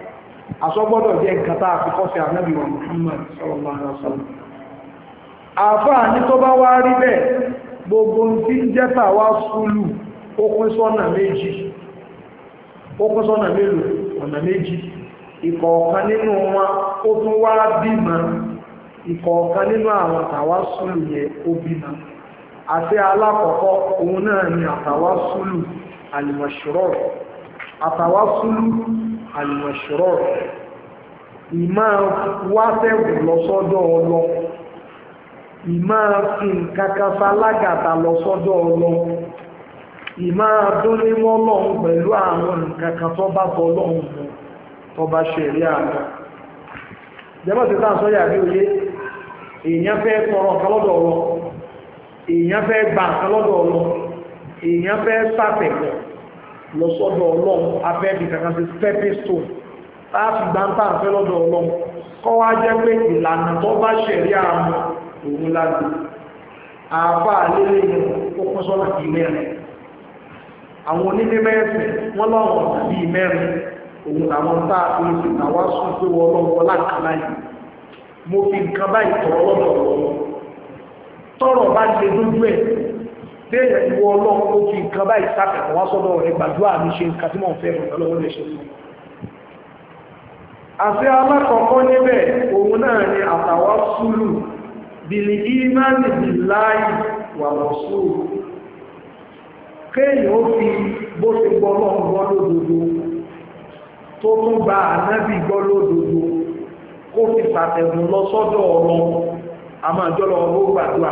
aṣọ jẹ́ nǹkan tá a fi kọ́ sí ànábì wa Muhammad sallallahu alaihi wasallam ní tó bá wá rí gbogbo tí ń jẹ́ tàwa sùlù na sọ́nà méjì mélòó ọ̀nà méjì ìkọ̀ọ̀kan nínú wọn ó tún wá bímọ ìkọ̀ọ̀kan nínú àwọn yẹn ó bímọ àti alákọ̀ọ́kọ́ àlùmọ̀ṣọ́rọ̀ ìmá wáṣẹ́wù lọ́sọ́dọ̀ ọlọ ìmá fi nǹkan kan falágàtà lọ́sọ́dọ̀ ọlọ ìmá dúnnímọ́ lọ́hùn pẹ̀lú àwọn nǹkan kan tó bá bọ́ lọ́hùn mu tó bá ṣẹ̀rí àná jẹ́mọ̀ tí èèyàn fẹ́ tọrọ nǹkan lọ sọ́dọ̀ ọlọ́run abẹ́bí kankan sí stepping stone láti gbáǹtà ń fẹ́ lọ́dọ̀ ọlọ́run kọ́ wá jẹ́ pé ìlànà tó bá ṣẹ̀rí àmọ́ òun lágbo àbá lélẹ̀ yẹn ó pín sọ́nà bíi mẹ́rin àwọn onílé mẹ́rin wọ́n lọ́wọ́ bíi mẹ́rin òun làwọn tá a fi ṣe tàwa sùn pé wọ́n lọ́wọ́ láǹkàlá yìí mo fi nǹkan báyìí tọ́ lọ́dọ̀ ọ̀rọ̀ tọ́rọ̀ bá ṣe lójú ẹ̀ téèyàn ìwọ ọlọ́run ó fi nǹkan báyìí sákàtà wá sọ́dọ̀ rẹ̀ gbàdúrà mi ṣe nǹkan tí mò fẹ́ mọ̀ lọ́wọ́ lè ṣe fún àti alákọ̀ọ́kọ́ níbẹ̀ òun náà ni àtàwọ́ bìlì bìláì wà kéèyàn fi bó gbọ́ ọlọ́run tó tún gba gbọ́ lódodo kó fi pàtẹ́gùn sọ́dọ̀ ọ̀rọ̀ àmọ́ gbàdúrà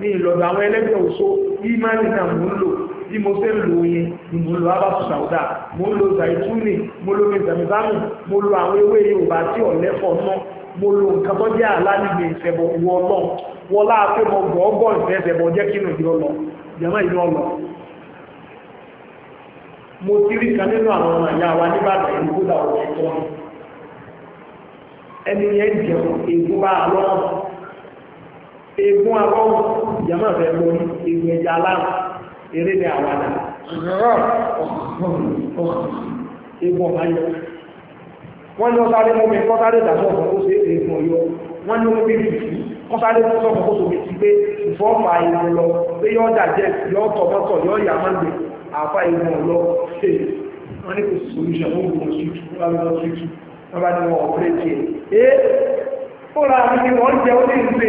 ní ìlọ́dọ̀ àwọn ẹlẹ́gbẹ̀ẹ́ òṣó ìmánì náà mò ń lò bí mo fẹ́ lò yẹn ni mo lo abasu sauda mo lo zaituni mo lo mizamizamu mo lo àwọn ewé yorùbá tí ọ̀lẹ́fọ̀ náà mo lo nǹkan tó jẹ́ àlá níbi ìṣẹ̀bọ̀ wọ ọlọ́ wọ láàpẹ́ mo gbọ́ ọgbọ́ ìfẹ́sẹ̀bọ̀ jẹ́ kí nìyí ọlọ ìjọba ìlú ọlọ. mo ti rí kan nínú àwọn ọmọ ìyá wa nígbàdàn ìlú kódà ọ̀rọ̀ ẹ̀tọ́ ẹni yẹn jẹun ègbó bá a lọ́rùn egun abọ́wọ̀ jama fẹ́ lórí egun ẹja aláàmù eré ní àwàdà egun ọba yọ wọ́n ní ọ̀sáré mú mi kọ́sáré dàsọ̀ ọ̀sán kó ṣe é egun ọ̀yọ́ wọ́n ní omi bíbí sí kọ́sáré mú sọ̀kan kó ṣòwò sí pé ìfọ́fà egun lọ pé yọ ọjà jẹ yọ ọtọ̀ mọ́tọ̀ yọ ọ̀yà máa ń gbé àfa egun ọ̀lọ́ ṣe wọ́n ní kò sí solution wọ́n gbọ́n sí tu wọ́n lọ sí tu wọ́n bá ní wọn ọ̀pẹ́rẹ́ tiẹ̀ ẹ́ ó ra àmì wọn jẹ́ ó ní ìgbé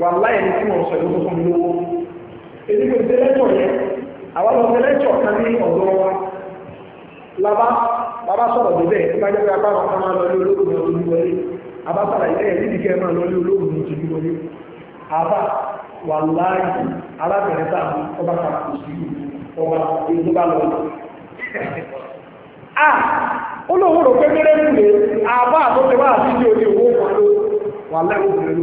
wà láyé ní tí wọ́n sọ èdè àwọn ọmọ kan ní wa laba bàbá sọ̀rọ̀ bẹ́ẹ̀ nígbà pé apá àwọn ọmọ lọ ní olóògùn ọdún ní wọlé abáfàlà ilé ẹ̀ nídìí kẹ́ máa lọ ní olóògùn ọdún wọlé àbá ọba kan kò sí ọba èdè bá lọ ah! rò pé ń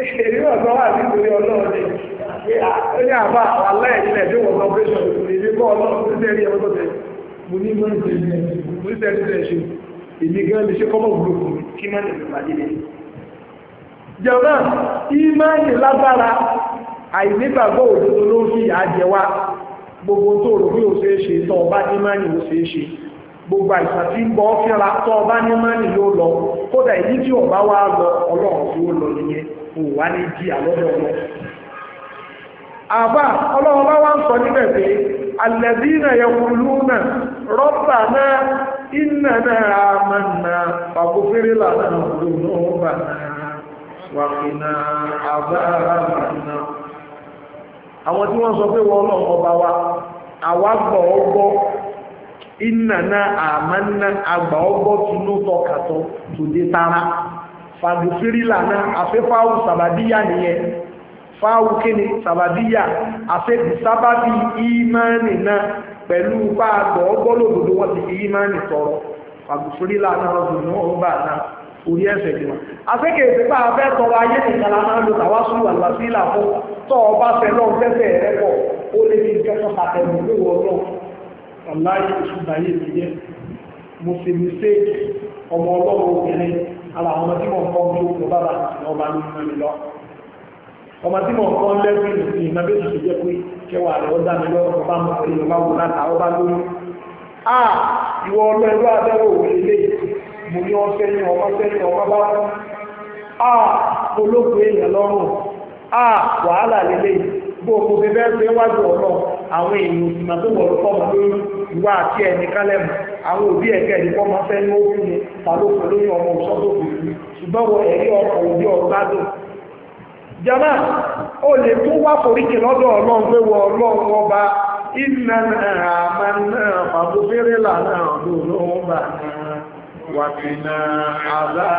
èyí náà sọ wá nítorí ọlọ́run ni ó ní àbá àwọn aláìsílẹ̀ tí wọ́n sọ pé sọ èmi kọ́ ọlọ́run tó
tẹ̀lé ẹ̀rọ tó tẹ̀ mo ní mọ́ ìtẹ̀lé mo ní tẹ̀lé tẹ̀lé ṣe èmi gan lè ṣe kọ́mọ̀ wúlò fún mi kí má nìyẹn bá délé. jọ̀nà ìmáàyè lágbára àìnígbàgbọ́ òdodo ló ń fi àjẹ wa gbogbo tó rò bí ó ṣeé ṣe tó ọba ní má nìyẹn ó ṣe gbogbo àìsàn tí ń bọ́ fíra tó ọba ní má lọ kódà èyí tí ọba wa lọ ọlọ́run tí ó lọ nìyẹn wà ní jí àlọ́dọ̀ wọn. àbá ọlọ́run bá wá ń sọ níbẹ̀ pé alẹ́dínà na rabbana innana amanna faghfir lana dhunubana wa qina adhaban nar. àwọn tí wọ́n sọ pé wọ́n ọlọ́run ọba wa àwa gbọ́ ọgbọ́ innana amanna àgbà ọgbọ́ tinú tọkàtọ̀ tòde tara fàgùfírí lànà àfẹ́ fáwù sàbàdíyà nìyẹn fáwù kíni sàbàdíyà àfẹ́ sábàbí ìmánì náà pẹ̀lú bá a gbọ́ gbọ́lódodo wọn ti fi ìmánì tọrọ fàgùfírí lànà ọdún náà ó bà náà orí ẹsẹ̀ ni wọn. àfẹ́kẹ̀ ìsìnká abẹ́ tọrọ ayé nìkan la máa ń lo tàwa sùn wà lásìí là fún tọ́ ọ bá fẹ́ lọ́n fẹ́fẹ́ rẹ pọ̀ ó lé ní kẹsàn pàtẹ́wọ̀n ló wọ ọlọ́run ọ̀la ìṣúgbà yìí ti jẹ́ mo sì mí séèkì ọmọ ọlọ́run obìnrin ara àwọn ọmọ tí mo ń kọ́ ojú òkú bàbá àti ọba ní ìlú mi lọ ọmọ tí mo ń kọ́ lẹ́sìn ní ìmọ̀ bí òṣìṣẹ́ jẹ́ pé kẹwàá rẹ̀ ó dá mi lọ́wọ́ ọba mọ̀ pé ìyọba wò láta ọba lórí a ìwọ ọlọ ẹ̀rọ abẹ́rẹ́ òwò mo ní wọn sẹ́yìn ọmọ sẹ́yìn ọmọ bá wọn a olóògbé èèyàn lọ́rùn a wàhálà lélẹ́yìn bó o kò fi bẹ́ẹ̀ ṣe wájú ọlọ́run àwọn èèyàn òsìmọ̀ tó wọ̀rọ̀ fọ́mọ lórí ìwà àti ẹni kálẹ̀mù àwọn òbí ẹ̀kẹ́ ẹ̀dí fọ́mọ fẹ́ ní orí ni tàlókò lórí ọmọ òṣọ́dọ̀ òbí ṣùgbọ́n wọ ẹ̀rí ọkọ̀ òbí ọgbádùn jama ó lè tún wá foríkì lọ́dọ̀ ọlọ́run pé wọ ọlọ́run ọba ìnà àmà náà pàtó fẹ́rẹ́ lànà ọdún lóhun bà náà wà nínà àlá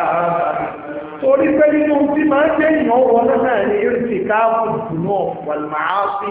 torí pé nínú tí máa ń jẹ́ ìyàn náà ní irisi káàbù náà wà sí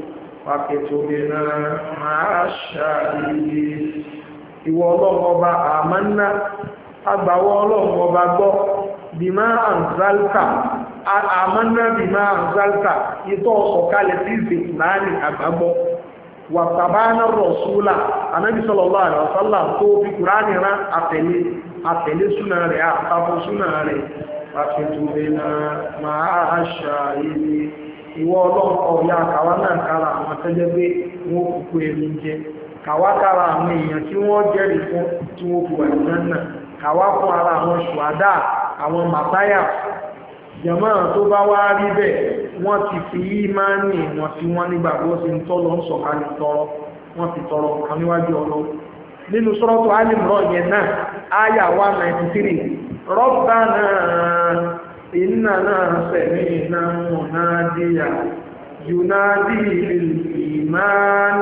fàkètòmínà máa ṣàlìyé ìwọ ọlọ́run ọba àmánà agbàwọ́ ọlọ́run ọba gbọ́ bímá àǹzáltà àmánà bímá àǹzáltà ìtọ́ ọ̀sọ̀kalẹ̀ sí ìsìnkú láàrin àgbàgbọ́ wàtàbánà rọ̀súlà anábì sallallahu alaihi wasallam tó fi kùránì rán àtẹ̀lé àtẹ̀lé ìwọ ọlọ́run ya kàwa náà kára àwọn tẹ́jẹ́ pé wọ́n kúkú ẹni jẹ kàwa kára àwọn èèyàn tí wọ́n jẹ́rìí fún tí wọ́n kú àìsàn náà ara àwọn ṣùwádà àwọn màtáyà jẹ̀mọ́ tó bá wá rí bẹ́ẹ̀ wọ́n ti fi ímánì wọn wọ́n nígbà tó ti ń tọ́lọ ń tọrọ wọ́n ti tọrọ kan níwájú nínú sọ́rọ́tọ̀ yẹn náà áyà iná náà sẹ̀mí iná múnádìyà yunádì ìmán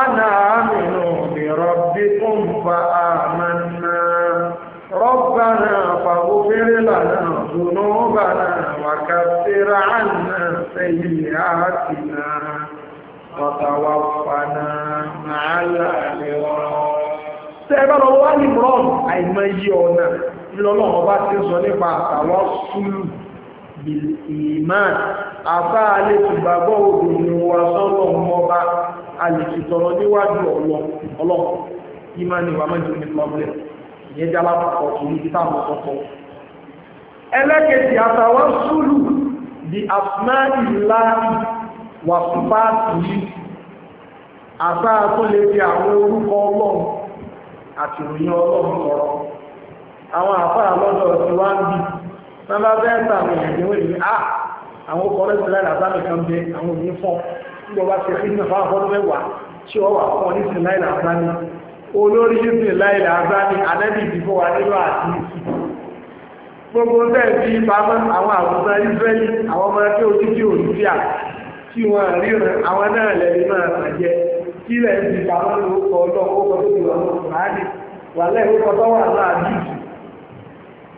ana aminu bi rabbikum fa amanna rabbana faghfir lana dhunubana wa kaffir 'anna sayyi'atina wa tawaffana ma'al abrar tẹ́ bá lọ wá ní mìíràn àìmọye ọ̀nà lọ́nà ọba ti sọ nípa àtàwọn súlù ìmáà àbá alẹ́ ti gbàgbọ́ obìnrin wa sọ́lọ̀ mọ́ba alẹ́tì tọrọ níwájú ọlọ ọlọ ìmáàni wà mẹ́jọ ní pọ́blẹ̀ ìyẹn jẹ́ alápapọ̀ tó ní títà mọ́ sọ́kọ́. ẹlẹ́kẹ̀tì àtàwọn súlù di asmá ìlà wà fúnpá tìlí àbá tó lè fi àwọn orúkọ ọlọ́run àti ìròyìn ọlọ́run sọ̀rọ̀ àwọn àfáà lọ́dọ̀ ti wá ń bì wọ́n bá fẹ́ ta àwọn èèyàn ìwé yìí á àwọn ọkọ̀ rẹ̀ sílẹ̀ làbámi kan bẹ àwọn òní fọ́ nígbà wá ṣe kí nípa fọ́dún mẹ́wàá tí ó wà fún ọ ní sílẹ̀ làbámi olórí yìí láì làbámi ànábì ìdìbò wa nílò àti gbogbo bẹ́ẹ̀ bí pamọ́ àwọn àwùjọ Ísírẹ́lì àwọn ọmọ ẹgbẹ́ ojú òrùfíà tí wọ́n ríran àwọn náà lẹ́ni máa pàjẹ́ kí lẹ́yìn bí pamọ́ ló kọ́ ọlọ́wọ́ kọ́ wà lọ́wọ́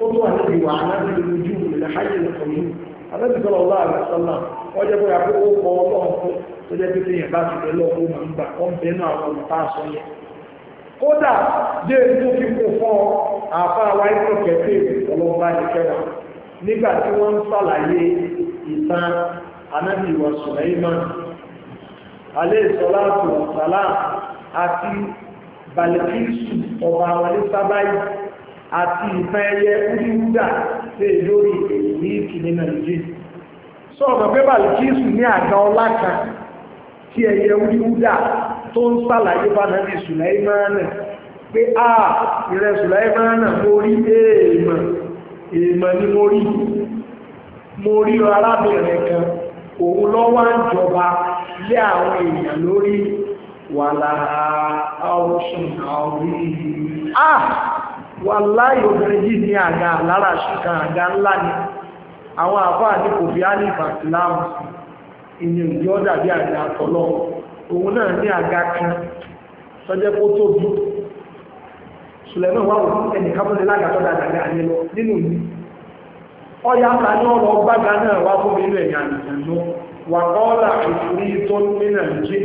tó wà níbi wà aláàbí lójú ìlẹ̀ ayé lọ́kọ̀ọ́yù aláàbí sọ̀rọ̀ ọlá àgbà sọ́lá wọ́n jẹ́ bóyá pé ó kọ ọlọ́run fún tó jẹ́ pé téèyàn bá ti bẹ̀ lọ́wọ́ máa ń gbà wọ́n bẹ̀ náà àwọn olùkọ́ àṣọ yẹn. kódà dé tó fi kó fún ọ àfa wa ikọ̀ kẹfẹ́ ọlọ́ba ìkẹwà nígbà tí wọ́n ń sàlàyé ìtàn anábì wa Sùlẹ́mánì alẹ́ ìsọlá àti ọ̀sálà àti Bàlẹ́kísù ọba àwọn ẹlẹ́sábáyìí àti ìfẹ́ ẹyẹ oríwúdà lè lórí èyí ìkìní nàìjíríà sọ̀rọ̀ pé bàlùkísù ní àga ọlá kan tí ẹyẹ oríwúdà tó ń sàlàyé bá nàbí sùlẹ́ìmánà pé a ìrẹ sùlẹ́ìmánà mo rí èèmọ̀ èèmọ̀ ni mo rí mo rí arábìnrin kan òun lọ́wọ́ ń jọba lé àwọn èèyàn lórí wàhálà àwòsàn àwọn orí ah wàláì obìnrin yìí ní àga lára ṣùkà àga ńlá ni àwọn àfáà ní kò fi alif àti láàmù ìyẹn ìjọ dàbí àga na òun náà ní àga kan sọjẹ kó tóbi sùlẹmọ wà wò ẹnì kábọlẹ lágàtọ dàgbà àyè lọ nínú mi ọyà ta ní ọ̀rọ̀ gbága náà wá fún mi nínú ẹ̀yà àjẹjọ wà kọ́ ìfúrí tó nínú ẹ̀jẹ̀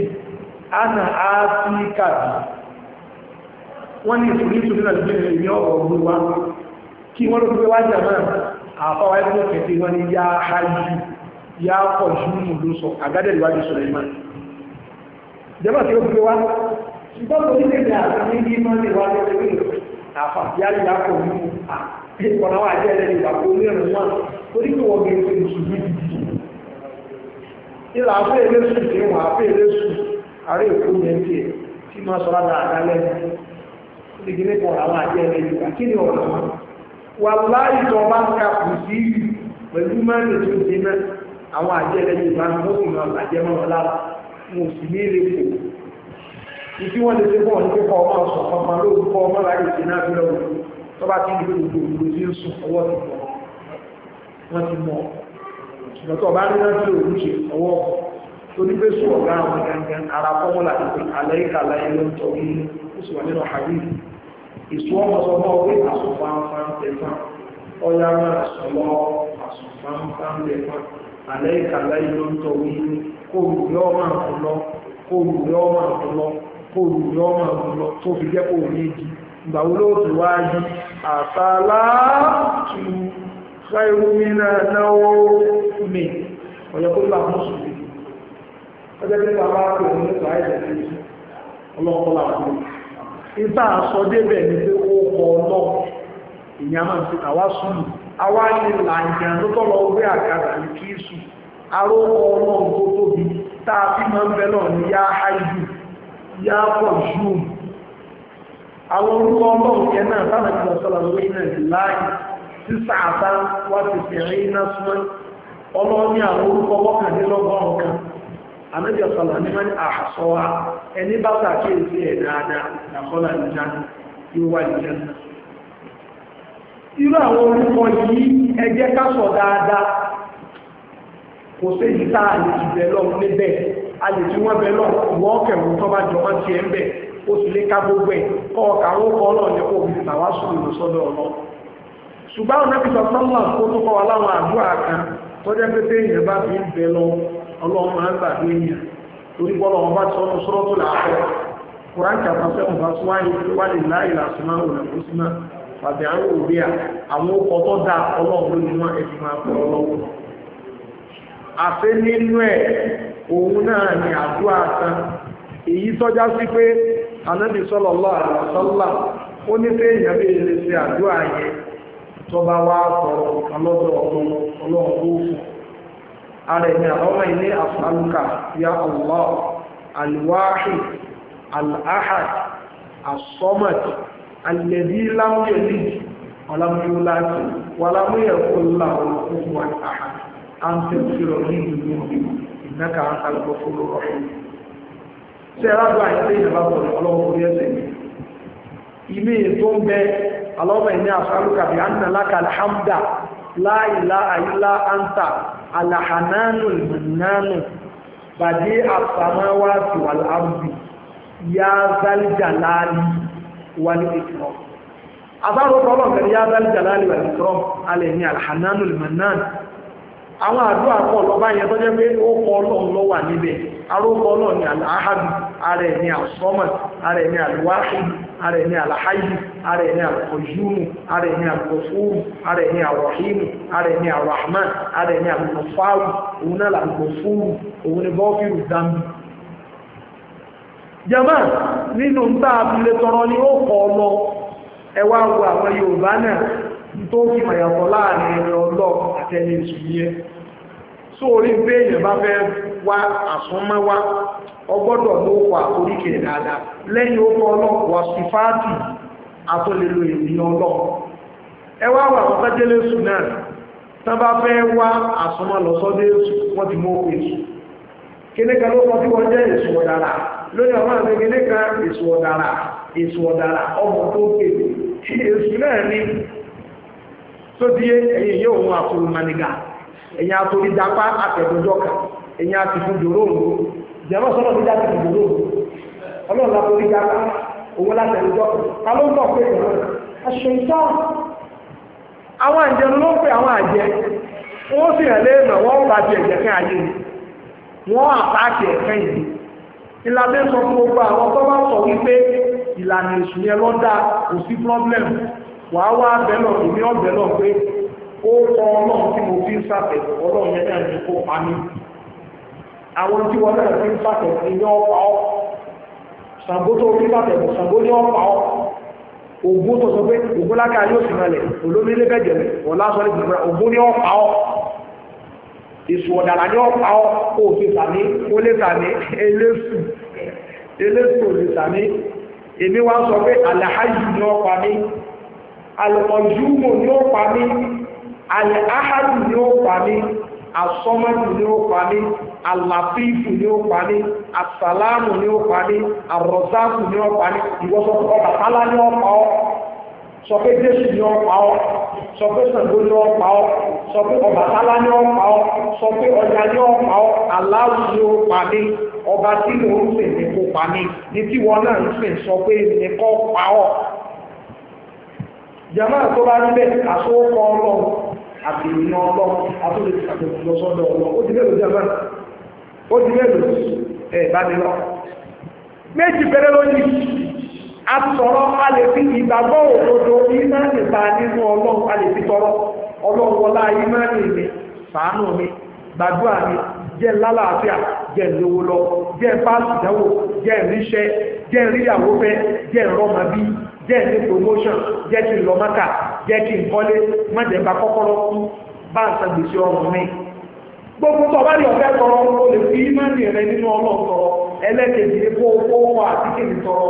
á wọ́n ní ìsúrí ìsúrí náà gbé ní ọ̀rọ̀ ọ̀rọ̀ wa kí wọ́n ló gbé wá jà náà àfọwọ́ ẹgbẹ́ kẹfì wọn ni yá ayú yá pọ̀ jùmù ló sọ àgádẹ́ ìwádìí sọ̀rọ̀ ìmọ̀ ìjọba tí ó gbé wá ṣùgbọ́n kò ní lè àti ní ìmọ̀ ní ìwádìí ẹgbẹ́ àfà yá yá pọ̀ jùmù ìkọ̀nà wà jẹ́ ẹ̀rẹ́ ìwà kó ní ẹ̀rùn wọn torí pé wọ́n gbé ṣe ìṣùgbọ́n jìjì ìlà àfẹ́ ilé sùn tí wọ́n àfẹ́ ilé sùn àárẹ̀ ìkú ìdílé kan àwọn àti ẹ̀rẹ́ yorùbá kí ni ọ̀rọ̀ wọn wà láì tó ọba ń ka kù sí ìlú pẹ̀lú mẹ́rin tó ti mẹ́ àwọn àti ẹ̀rẹ́ yorùbá ń mọ́kùn náà bàjẹ́ mọ́ wọn lára wọn ò sì ní ilé kù ìdí wọn lè ṣe fún ọdún kíkọ ọmọ ọsàn kankan lórúkọ ọmọ láyé ìṣe náà fi lọ́wọ́ tó bá ti ń gbé gbogbo òdòdó sí ń sùn ọwọ́ ti pọ̀ wọ́n ti mọ̀ ṣùgbọ́n tó ọba ní náà fi òun ṣe ọwọ́ ọkọ̀ torí sùn ọ̀gá àwọn gangan ara fọ́mọ́là ìpè àlẹ́ ìkàlà ẹ̀ ló ń ó sì wà nínú àbí ìṣú ọmọ sọ mọ́ pé àsùnfàǹfàǹtẹ̀fà ọ̀yá máa sọ lọ àsùnfàǹfàǹtẹ̀fà àlẹ́ ìlú ń tọ̀wé kó olùgbé ọmọ àkùn kó olùgbé ọmọ àkùn kó olùgbé ọmọ àkùn tó fi jẹ́ kó ìgbà wo ló ti wá yí náwó mi ọ̀yọ́ kó lọ àwọn ọjọ́ kò ní làwọn ìta àsọ débẹ̀ ní pé ó kọ ọlọ́ ìyẹn máa ti tàwa sùn àwa ní làǹjà tó tọ́lọ orí àkàrà ní kí arókọ ọlọ́run tó tóbi tá a fi máa ń bẹ náà ní yá áìdù yá pọ̀ àwọn orúkọ ọlọ́run yẹn náà sọ́la lórí náà láàyè wá ti ànábì ọ̀sọ̀lá ní wọ́n ní àṣọwá ẹni bá sàkíyèsí ẹ̀ dáadáa nàkọ́lá yóò wà ní irú àwọn orúkọ yìí ẹ jẹ́ ká dáadáa kò tá a lè ti bẹ̀ níbẹ̀ a lè tí wọ́n bẹ̀ wọ́n kẹ̀wọ́n tó bá jọ wọ́n ti ẹ̀ ń bẹ̀ ó sì lè ká gbogbo ẹ̀ kọ́ ọ̀kà ọlọ́run máa ń gbàgbé ènìyàn torí bọ́lá wọn bá sọ́nù sọ́rọ́ tó là á kọ́ Quran chapter wà lè láì làásùmá òun àwọn òbí à àwọn ọkọ̀ tó dáa ọlọ́run ló ní wọn ẹ̀sùn máa pọ̀ ọlọ́run. nínú ẹ̀ òun náà ni àdúrà èyí tọ́já sí pé ara ẹni àlọ́mọ ilé àfàlùkà ya Allah alwahid alahad asomad alẹ́bí lámúyẹ̀lì ọ̀làmúyẹ̀láti wàlámúyẹ̀kọ́lá olùkókò àhà àǹtẹ̀sírọ̀ ní ìlú ìnáka àgbọ̀fọ́lọ́ ọ̀hún tí ẹ lágbà ìdílé ìjọba sọ̀rọ̀ ọlọ́wọ́ orí ẹsẹ̀ mi ilé tó ń bẹ alọ́mọ alahananu mananu bàdé àfàmáwáàtì wà láàbì yá zálìjàláàlì wà ní ìtìrọ àbárò tọ́lọ̀ pẹ̀lú yá zálìjàláàlì wà ní ìtìrọ alẹ́ ní alahananu mananu àwọn àdúrà kọ lọ́ba yẹn tó jẹ́ pé ó kọ ọlọ́run ara ara ara ẹni àlàháyì ara ẹni àlùkọ̀yúmù ara ẹni àlùkọ̀fóòmù ara ẹni àrọ̀hìmù ara ẹni àrọ̀hàmán ara ẹni àlùkọ̀fáàrù òun náà làlùkọ̀fóòmù òun ni bọ́ọ̀fìrù dàmí. jama nínú nta ni ó kọ ọ lọ ẹ àwọn yorùbá náà tó fi mọ̀yàtọ̀ láàrin ẹni ọlọ́ àtẹni ìsúnyẹ́ tó orí pé èèyàn bá fẹ́ wá àsúnmọ́ ọgbọ́dọ̀ ló kọ àforíkè dáadáa lẹ́yìn ó ọlọ́pọ̀ sífáàtì àtọ́lélò ènìyàn ọlọ́ ẹ wá wà wọ́n tẹ́jẹ́lé sùn náà tán bá fẹ́ wá àsúnmọ́ lọ sọ́dọ̀ wọ́n ti mú òkú èṣù kíníkà ló kọ́ tí wọ́n jẹ́ ọ̀dàrà lórí àti ọ̀dàrà ẹ̀yin àtòrí dapá àtẹ̀dọ́jọ́ kan ẹ̀yin àti fún dòró òru ìjẹ́mọ̀ sọ́nà ti dá ti fún dòró òru ọlọ́run àtòrí dapá òun látẹ̀dọ́jọ́ kan ta ló ń bọ̀ pé ìrọ̀rùn aṣọ ìtọ́ àwọn àjẹun ló ń pè àwọn àjẹ wọ́n sì hàn lẹ́ẹ̀mọ̀ wọ́n bá ti ẹ̀jẹ̀ kẹ́ ayé wọ́n àpáàkì ẹ̀fẹ́ ìdí ìlànà sọ fún gbogbo àwọn tó bá sọ wípé ìlànà ìṣúnyẹ lọ́dà kò sí problem wàá wá bẹ́ẹ̀ lọ ìmí ọ̀bẹ lọ pé ó kọ ọlọ́run tí mo fi ń sàfẹ́ ọlọ́run yẹn náà ní kó pa mí àwọn tí wọn náà fi ń sàfẹ́ ní ọ̀pá ọ́ Ṣàngó tó fi sàfẹ́ Ṣàngó ní ọ̀pá ọ́ Ògún tó sọ pé Ògún lákà yóò sì rẹlẹ̀ olómi lé bẹ́jẹ̀ mi ọ̀la sọ níbi ìgbà Ògún ní ọ̀pá ọ́ Èṣù ọ̀dàlà ní ọ̀pá ọ́ kó o fi sàmí kó lè sàmí eléṣù eléṣù ò lè sàmí èmi wá sọ pé àlàáyù ní ọ̀pá mi àlùkọ̀júmọ̀ ní ọ̀pá mi àlẹ́ áhádù ni ó pa mí asọ́mọ́dù ni ó pa mí àlàfíìfù ni ó pa mí àsàlámù ni ó pa mí àrọ̀sáàkù ni ó pa mí ìwọ́sọ̀tọ̀ Ọbàtálá ni ó pa ọ́ sọ pé Jésù ni ó pa ọ́ sọ pé Ṣàngó ni ó pa ọ́ sọ pé Ọbàtálá ni ó pa ọ́ sọ pé Ọya ni ó pa ọ́ aláwù ni ó pa mí ọba tí mò ń sìn ní kó pa mí ní wọn náà ń sìn sọ pé ní kó pa ọ́ jàmáà tó bá ń bẹ̀ àsókò ọlọ́run àti ìrìnà ọlọ́ àtúndì àtẹ̀kù lọ ó ti mélòó jẹ́mọ́ ó ti mélòó ẹ̀ bá lọ. méjì péré lónìí asọ̀rọ̀ a fi ìgbàgbọ́ òdodo ìmáàlì bá nínú ọlọ́run a fi tọrọ ọlọ́run wọlá ìmáàlì mi fàánù mi gbàdúrà mi jẹ́ lálàáfíà jẹ́ lówó lọ jẹ́ páàsì dánwò jẹ́ ríṣẹ́ jẹ́ ríyàwó fẹ́ jẹ́ rọ́mọbí jẹ́ ní promotion jẹ́ kí n jẹ́ kí n kọ́lé mọ́jẹ̀ bá kọ́kọ́rọ́ kú bá ń san gbèsè ọrùn mi gbogbo tó bá ní ọ̀fẹ́ tọrọ o lè fi ìmánì rẹ nínú ọlọ́run tọrọ ẹlẹ́kẹ̀jì epo owó àti kìnìún tọrọ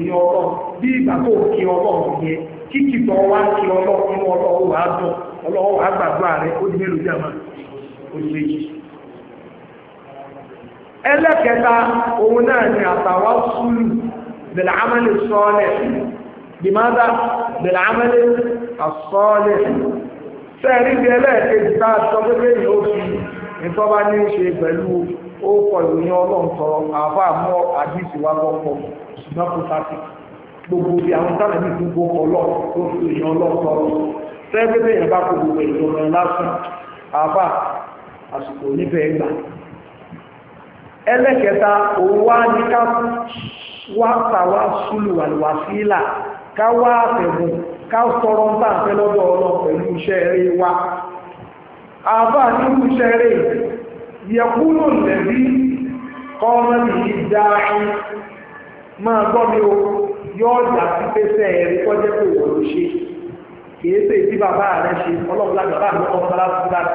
ìròyìn ọlọ́run bí ìgbà tó kí ọlọ́run yẹ kíkì tọ́ wá kí ọlọ́run nínú ọlọ́run wàá dùn ọlọ́run wàá gbàdúrà rẹ ó di mélòó jàmá ó di òun náà ni àtàwá sùúrù bẹ̀rẹ̀ amẹ́lẹ̀ sọ́ọ́lẹ̀ bìmọ́dá bẹ̀rẹ̀ amẹ́lẹ̀ àsọ́ọ́lẹ̀ sẹ́ẹ̀rí bí ẹlẹ́ẹ̀kejì tá a sọ pé lẹ́yìn ó fi ìtọ́ba ní í ṣe pẹ̀lú ó kọ ìròyìn ọlọ́run tọrọ àbá mọ́ àdìsí wa lọ́pọ̀ ṣùgbọ́n kò sáfì gbogbo bí àwọn sábà ní gbogbo ọlọ́run tó fi ìròyìn ọlọ́run tọrọ sẹ́ẹ̀rí bí ẹ̀yìn bá kó gbogbo ìjọba lásán àbá àsìkò nífẹ̀ẹ́ gbà ẹlẹ́kẹta òun wá ní ká wá tàwa súlù wàlúwàsílà ká wá àtẹ̀gùn ká sọ̀rọ̀ ń tàǹfẹ́ lọ́dọ̀ ọlọ́ pẹ̀lú iṣẹ́ eré wa àbá nínú iṣẹ́ eré yẹkúrò lẹ́bí kọ́rọ́ nìyí dáhùn máa gbọ́ mi o yóò dà sí pẹ́sẹ́ ẹ̀rí kọ́jẹ́ pé wọ́n ló ṣe kìí ṣe tí bàbá rẹ ṣe ọlọ́run láti bàbá mi ọmọ láti bá rẹ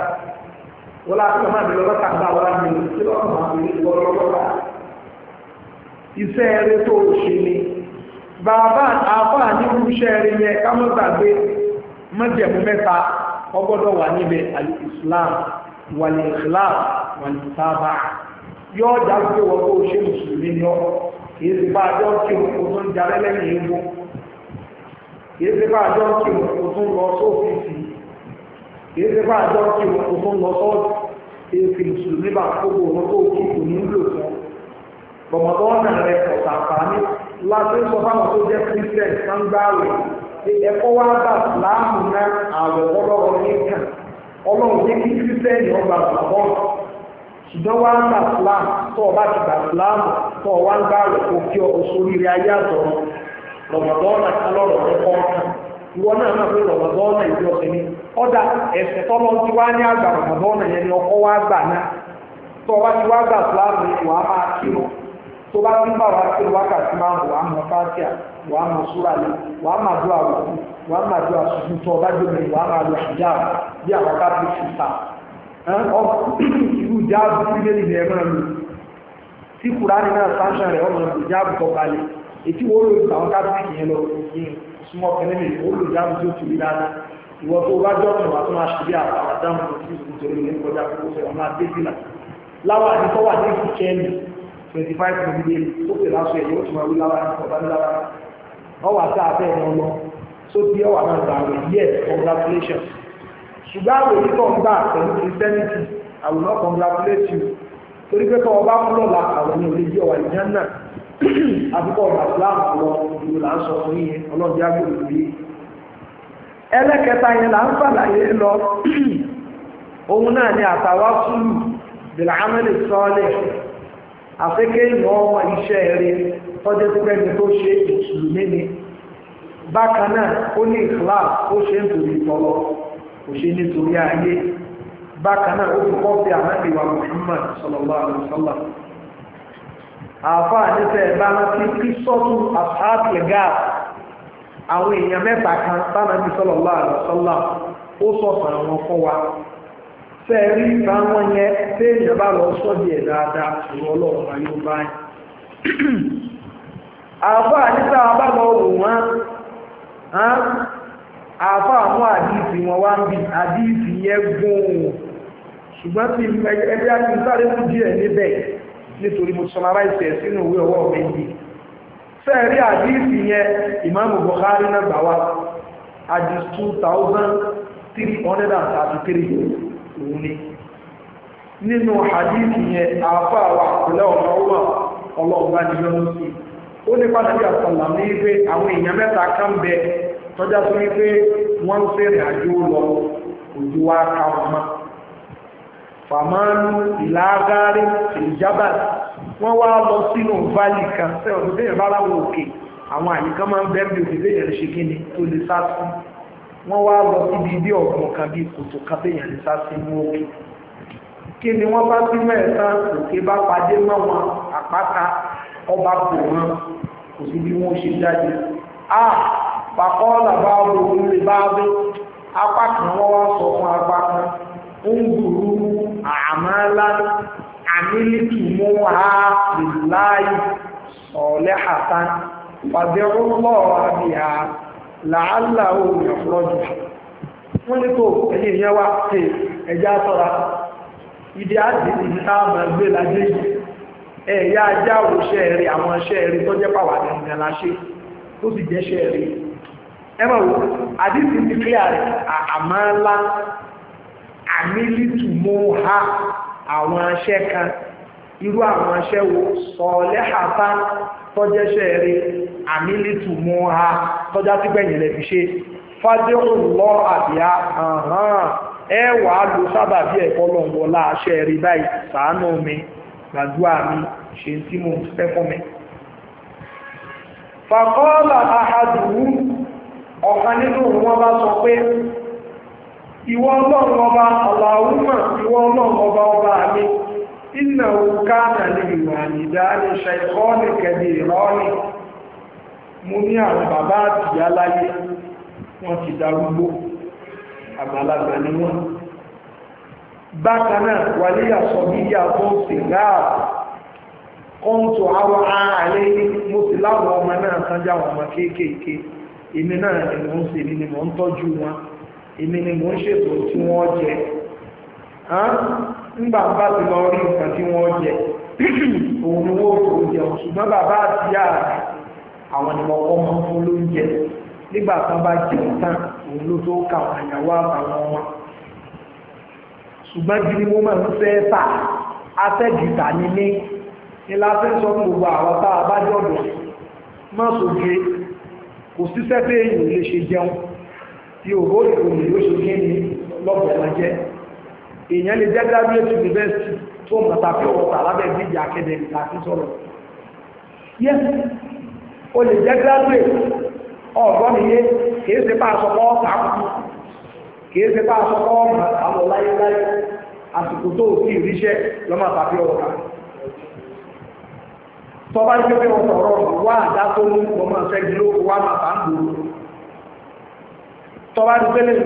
wọ́n láti ọmọ mi lọ́kọ́ tàbí àwọn àmì ìlú tí lọ́kọ̀ máa ń lọ́kọ́ bá iṣẹ́ eré tó o ṣe bàbá àfà ní irúṣẹ́ rẹ̀ yẹ ká mọ́ gbàgbé mọ́jẹ̀mú mẹ́ta ọgbọ́dọ̀ wà níbẹ̀ al-islam wal-ikhlas wal-mutabaa yóò já pé wọ́n kó ṣe mùsùlùmí yọ kìí ṣe bá àjọ kí òkú tó ń jalẹ́ lẹ́yìn ewu kìí ṣe bá àjọ kí òkú tó ń lọ sófìsì kìí ṣe bá àjọ kí òkú tó ń lọ sọ́ọ̀tì kìí ṣe mùsùlùmí bá kókó òun kó kí òun ń fún ọmọdé wọn náà rẹ ọ̀sán àǹfààní láti sọ fáwọn tó jẹ́ christian sangbáwé ẹ̀kọ́ wa bá láàmù náà àwẹ̀ ọlọ́rọ̀ ní kàn ọlọ́run jẹ́ kí christian ọgbà bàbọ́ ṣùgbọ́n wá ń gbà flam tó ọba ti gbà flam tó ọwá ń gbà rẹ̀ òkè òṣòrìrì ayé àtọ̀rọ̀ rọ̀mọ̀dọ́nà kálọ̀rọ̀ ẹ̀kọ́ kan ìwọ náà máa fi rọ̀mọ̀dọ́nà ìdí ọ̀sẹ̀ ni ọ̀dà ẹ̀sẹ̀ tọ́lọ́ ti wá ní àgbà rọ̀mọ̀dọ́nà yẹn ni ọkọ̀ wá gbà náà tó ọba ti wá gbà flam ni wàá máa kírun tó bá tún bá wá sí wákàtí máa ń wò á mọ fáṣíà wò á mọ súra lè wò á máa dúró àwòrán wò á máa dúró àṣùjú tó ọba gbèmí wò á máa lo àjà bí àwọn káfí fìfà ìlú jáàbù bíbélì ni ẹ máa lò tí kùránì náà sáńsán rẹ ọmọ ìlú jáàbù tó balẹ̀ ètí wọ́n lò àwọn káfí kìí lọ òkè súnmọ́ kẹ́lẹ́mì wọ́n lò jáàbù tó tù ìwọ láwọn àdìsọ́wà ní ìfìkẹ́ twenty five million sókè lásọ èyí ó ti máa wí lára ọ̀bá lára ọwọ́ àti àbẹ́ ẹ̀ lọ tó bí àwọn àgbà yes congratulations ṣùgbọ́n àwọn èyí tó ń gbà pẹ̀lú christianity I will not congratulate you torí pé tó ọba mú lọ́la àwọn ní olè yíyọ̀ wà ìjẹun náà àbúkọ̀ ọ̀gá ìlú là ń sọ fún yín ọlọ́ọ̀dẹ́ yìí ẹlẹ́kẹta yẹn là ń fàlàyé (clears throat) àfẹ́kẹ́ ìmọ̀ ọmọ iṣẹ́ rẹ̀ tọ́jú pẹ́ni tó ṣe ìtùlùmí ni bákan náà ó ní ìkìláàsì ó ṣe ń torí tọ́lọ kò ṣe nítorí ayé bákan náà ó kọ́ wa Muhammad sallallahu alaihi wasallam àáfàá nífẹ̀ bá rántí kí sọ́tù àtàkìlẹ̀gà àwọn èèyàn mẹ́ta kan bá ó sọ̀tàn àwọn fún sẹ́ẹ̀rí ìgbà wọn yẹn téèyàn bá lọ sọ́dí ẹ̀ dáadáa ìwọ ọlọ́run ayé ó bá yẹn. àáfàá nígbà wọn bá lọ wò wọn àáfàá mú àdìsí wọn wá ń bì àdìsí yẹn gùn ṣùgbọ́n tí ẹgbẹ́ àti sáré fún díẹ̀ níbẹ̀ nítorí mo sọmara ìṣẹ̀ sínú ìwé ọwọ́ mi yìí sẹ́ẹ̀rí àdìsí yẹn ìmáàmù Bukhari náà gbà wá àdìsí two thousand three hundred and thirty three. òun ni nínú hadithi yẹn àáfà wa àpẹlẹ ọ̀nà ọwà ọlọ́ọ̀bá ni yọ́nú sí ó ní pàtàkì àtàlà ní wípé àwọn èèyàn mẹ́ta kan bẹ tọ́já sí wípé wọ́n ń fẹ́rẹ̀ lọ òjò wọn fàmánú ìlàgárí ìjábà wọ́n wá lọ sínú valley kan sẹ́wọ̀n tó bẹ́ẹ̀ bá wọ́n wá lọ síbi bí ọ̀gbọ̀n kan bí kòtò kan téèyàn lè sá sí inú òkè kí ni wọ́n bá sí mẹ́ẹ̀ta òkè bá padé mọ́ wọn àpáta ọba kò wọn kò sí bí wọ́n ṣe jáde a pàkọ́ làbá ọ̀rọ̀ lè bá apá kan wọ́n wá ha lè làálà òun ìfọ́jú wọ́n ní tó ẹ̀yìn ìyẹn wá pé ẹja sọ́ra ìdí àti ìdíta àmọ́ gbé lajẹ́ yìí ẹ̀yà ajá òṣẹ́ rí àwọn iṣẹ́ rí tó jẹ́ pàwà nìyẹn láṣẹ́ tó sì jẹ́ṣẹ́ rí ẹ mọ̀ wò àdìsí ti clear rẹ̀ àmọ́ ńlá àmìlítù ha àwọn iṣẹ́ kan irú àwọn iṣẹ́ wo sọ̀ọ́lẹ́hàtà tó jẹ́ṣẹ́ rí àmìlítù mú ha tọ́já sí gbẹ̀yìn lẹ fi ṣe fádéhùn lọ àbíá ẹ wà á lo sábà bí ẹ̀kọ́ lọ́ngbọ̀n láàṣẹ rí báyìí ṣàánú mi gbàdúrà mi ṣe tí mo fẹ́ fún mi. fàkọ́ọ̀lá àhàdùwù ọ̀kan nínú wọn bá sọ pé ìwọ ọlọ́run ọba ọ̀làwùmọ̀ ìwọ ọlọ́run ọba ọba mi ìnáwó káàmà lè wà ní ṣàìkọ́ọ̀nì kẹ̀dẹ̀ ìrọ́ọ̀nì mo ní àwọn bàbá àtìyá láyé wọ́n ti darúgbó àgbàlagbà ni wọ́n bákan náà wàlé àsọ bíi àbọ̀ sìgáà kọ́ńtò àwọn àlẹ́ mo sì láwọn ọmọ náà kan já àwọn ọmọ kéékèèké èmi náà ni mò ń ṣe èmi ni mò ń tọ́jú wọn èmi ni mò ń ṣètò tí wọ́n jẹ ńgbà bá ti lọ rí nǹkan tí wọ́n jẹ (clears throat) òun ni wọ́n ò jẹun ṣùgbọ́n bàbá àtìyá rẹ̀ àwọn ni wọ́n kọ́ máa ń fún lóúnjẹ nígbà kan bá jẹun tán òun ló tó ka àwọn ìyàwó àtàwọn ọmọ ṣùgbọ́n jí ni wọ́n máa ń fẹ́ tà afẹ́jìtà ni mí ni láti sọ gbogbo àwọn tá a bá jọ̀dọ̀ má sòge kò síṣẹ́ pé èèyàn lè ṣe jẹun tí òbó ìròyìn yóò ṣe kí ni lọ́gbọ̀n máa jẹ́ èèyàn lè jẹ́ graduate university tó mọ̀ta pé ọ̀tà lábẹ́ ìdíje akademi láti sọ̀rọ̀ yes o lè jẹ́ graduate ọ̀gbọ́n mi kìí ṣe bá aṣọ kìí ṣe bá aṣọ kọ́ ọ̀mà àwọn àsìkò tó ti ríṣẹ́ lọ́mọ àtàbí ọ̀tà tọ́ba ń pépé wọn sọ̀rọ̀ wá àdá tó mú wọn máa ṣẹ́gi ló wá máa ń gbòòrò tọ́ba ń máa tẹ̀lé lọ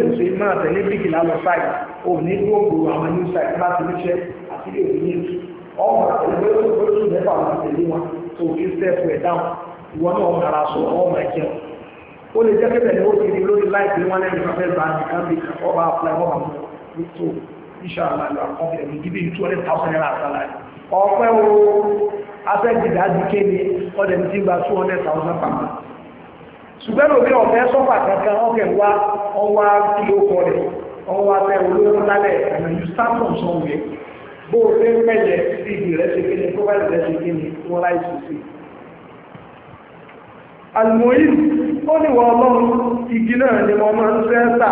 sáì gbòòrò àwọn site ríṣẹ́ àti ọmọ ìwọ náà wọn ara sọ ọwọ́ máa jẹ ó lè jẹ́ kébẹ̀ ni ó ti di lórí láìpé wọn lẹ́yìn wọn fẹ́ bá nìkan bí ọba apply ọba mú ní tó inshallah lọ àkọọ́bẹ̀rẹ̀ mi gíbi two hundred thousand naira àtàlà ọ̀pẹ́ o afẹ́jìdá àdìké ni ọ̀dẹ̀ mi ti gba two hundred thousand pàmò ṣùgbọ́n òbí ọ̀fẹ́ sọ́fà kankan ọ̀kẹ́ wá ọwá kìló kọ rẹ̀ ọwá tẹ olówó lálẹ́ ẹ̀nà you start from somewhere bó o fẹ́ mẹ́jẹ sí ìdí rẹ̀ ṣe kéde profile rẹ̀ ṣe kéde wọn láì sùn almohim ó ní wọ́n ọlọ́run igi náà ni wọ́n máa ń fẹ́ tà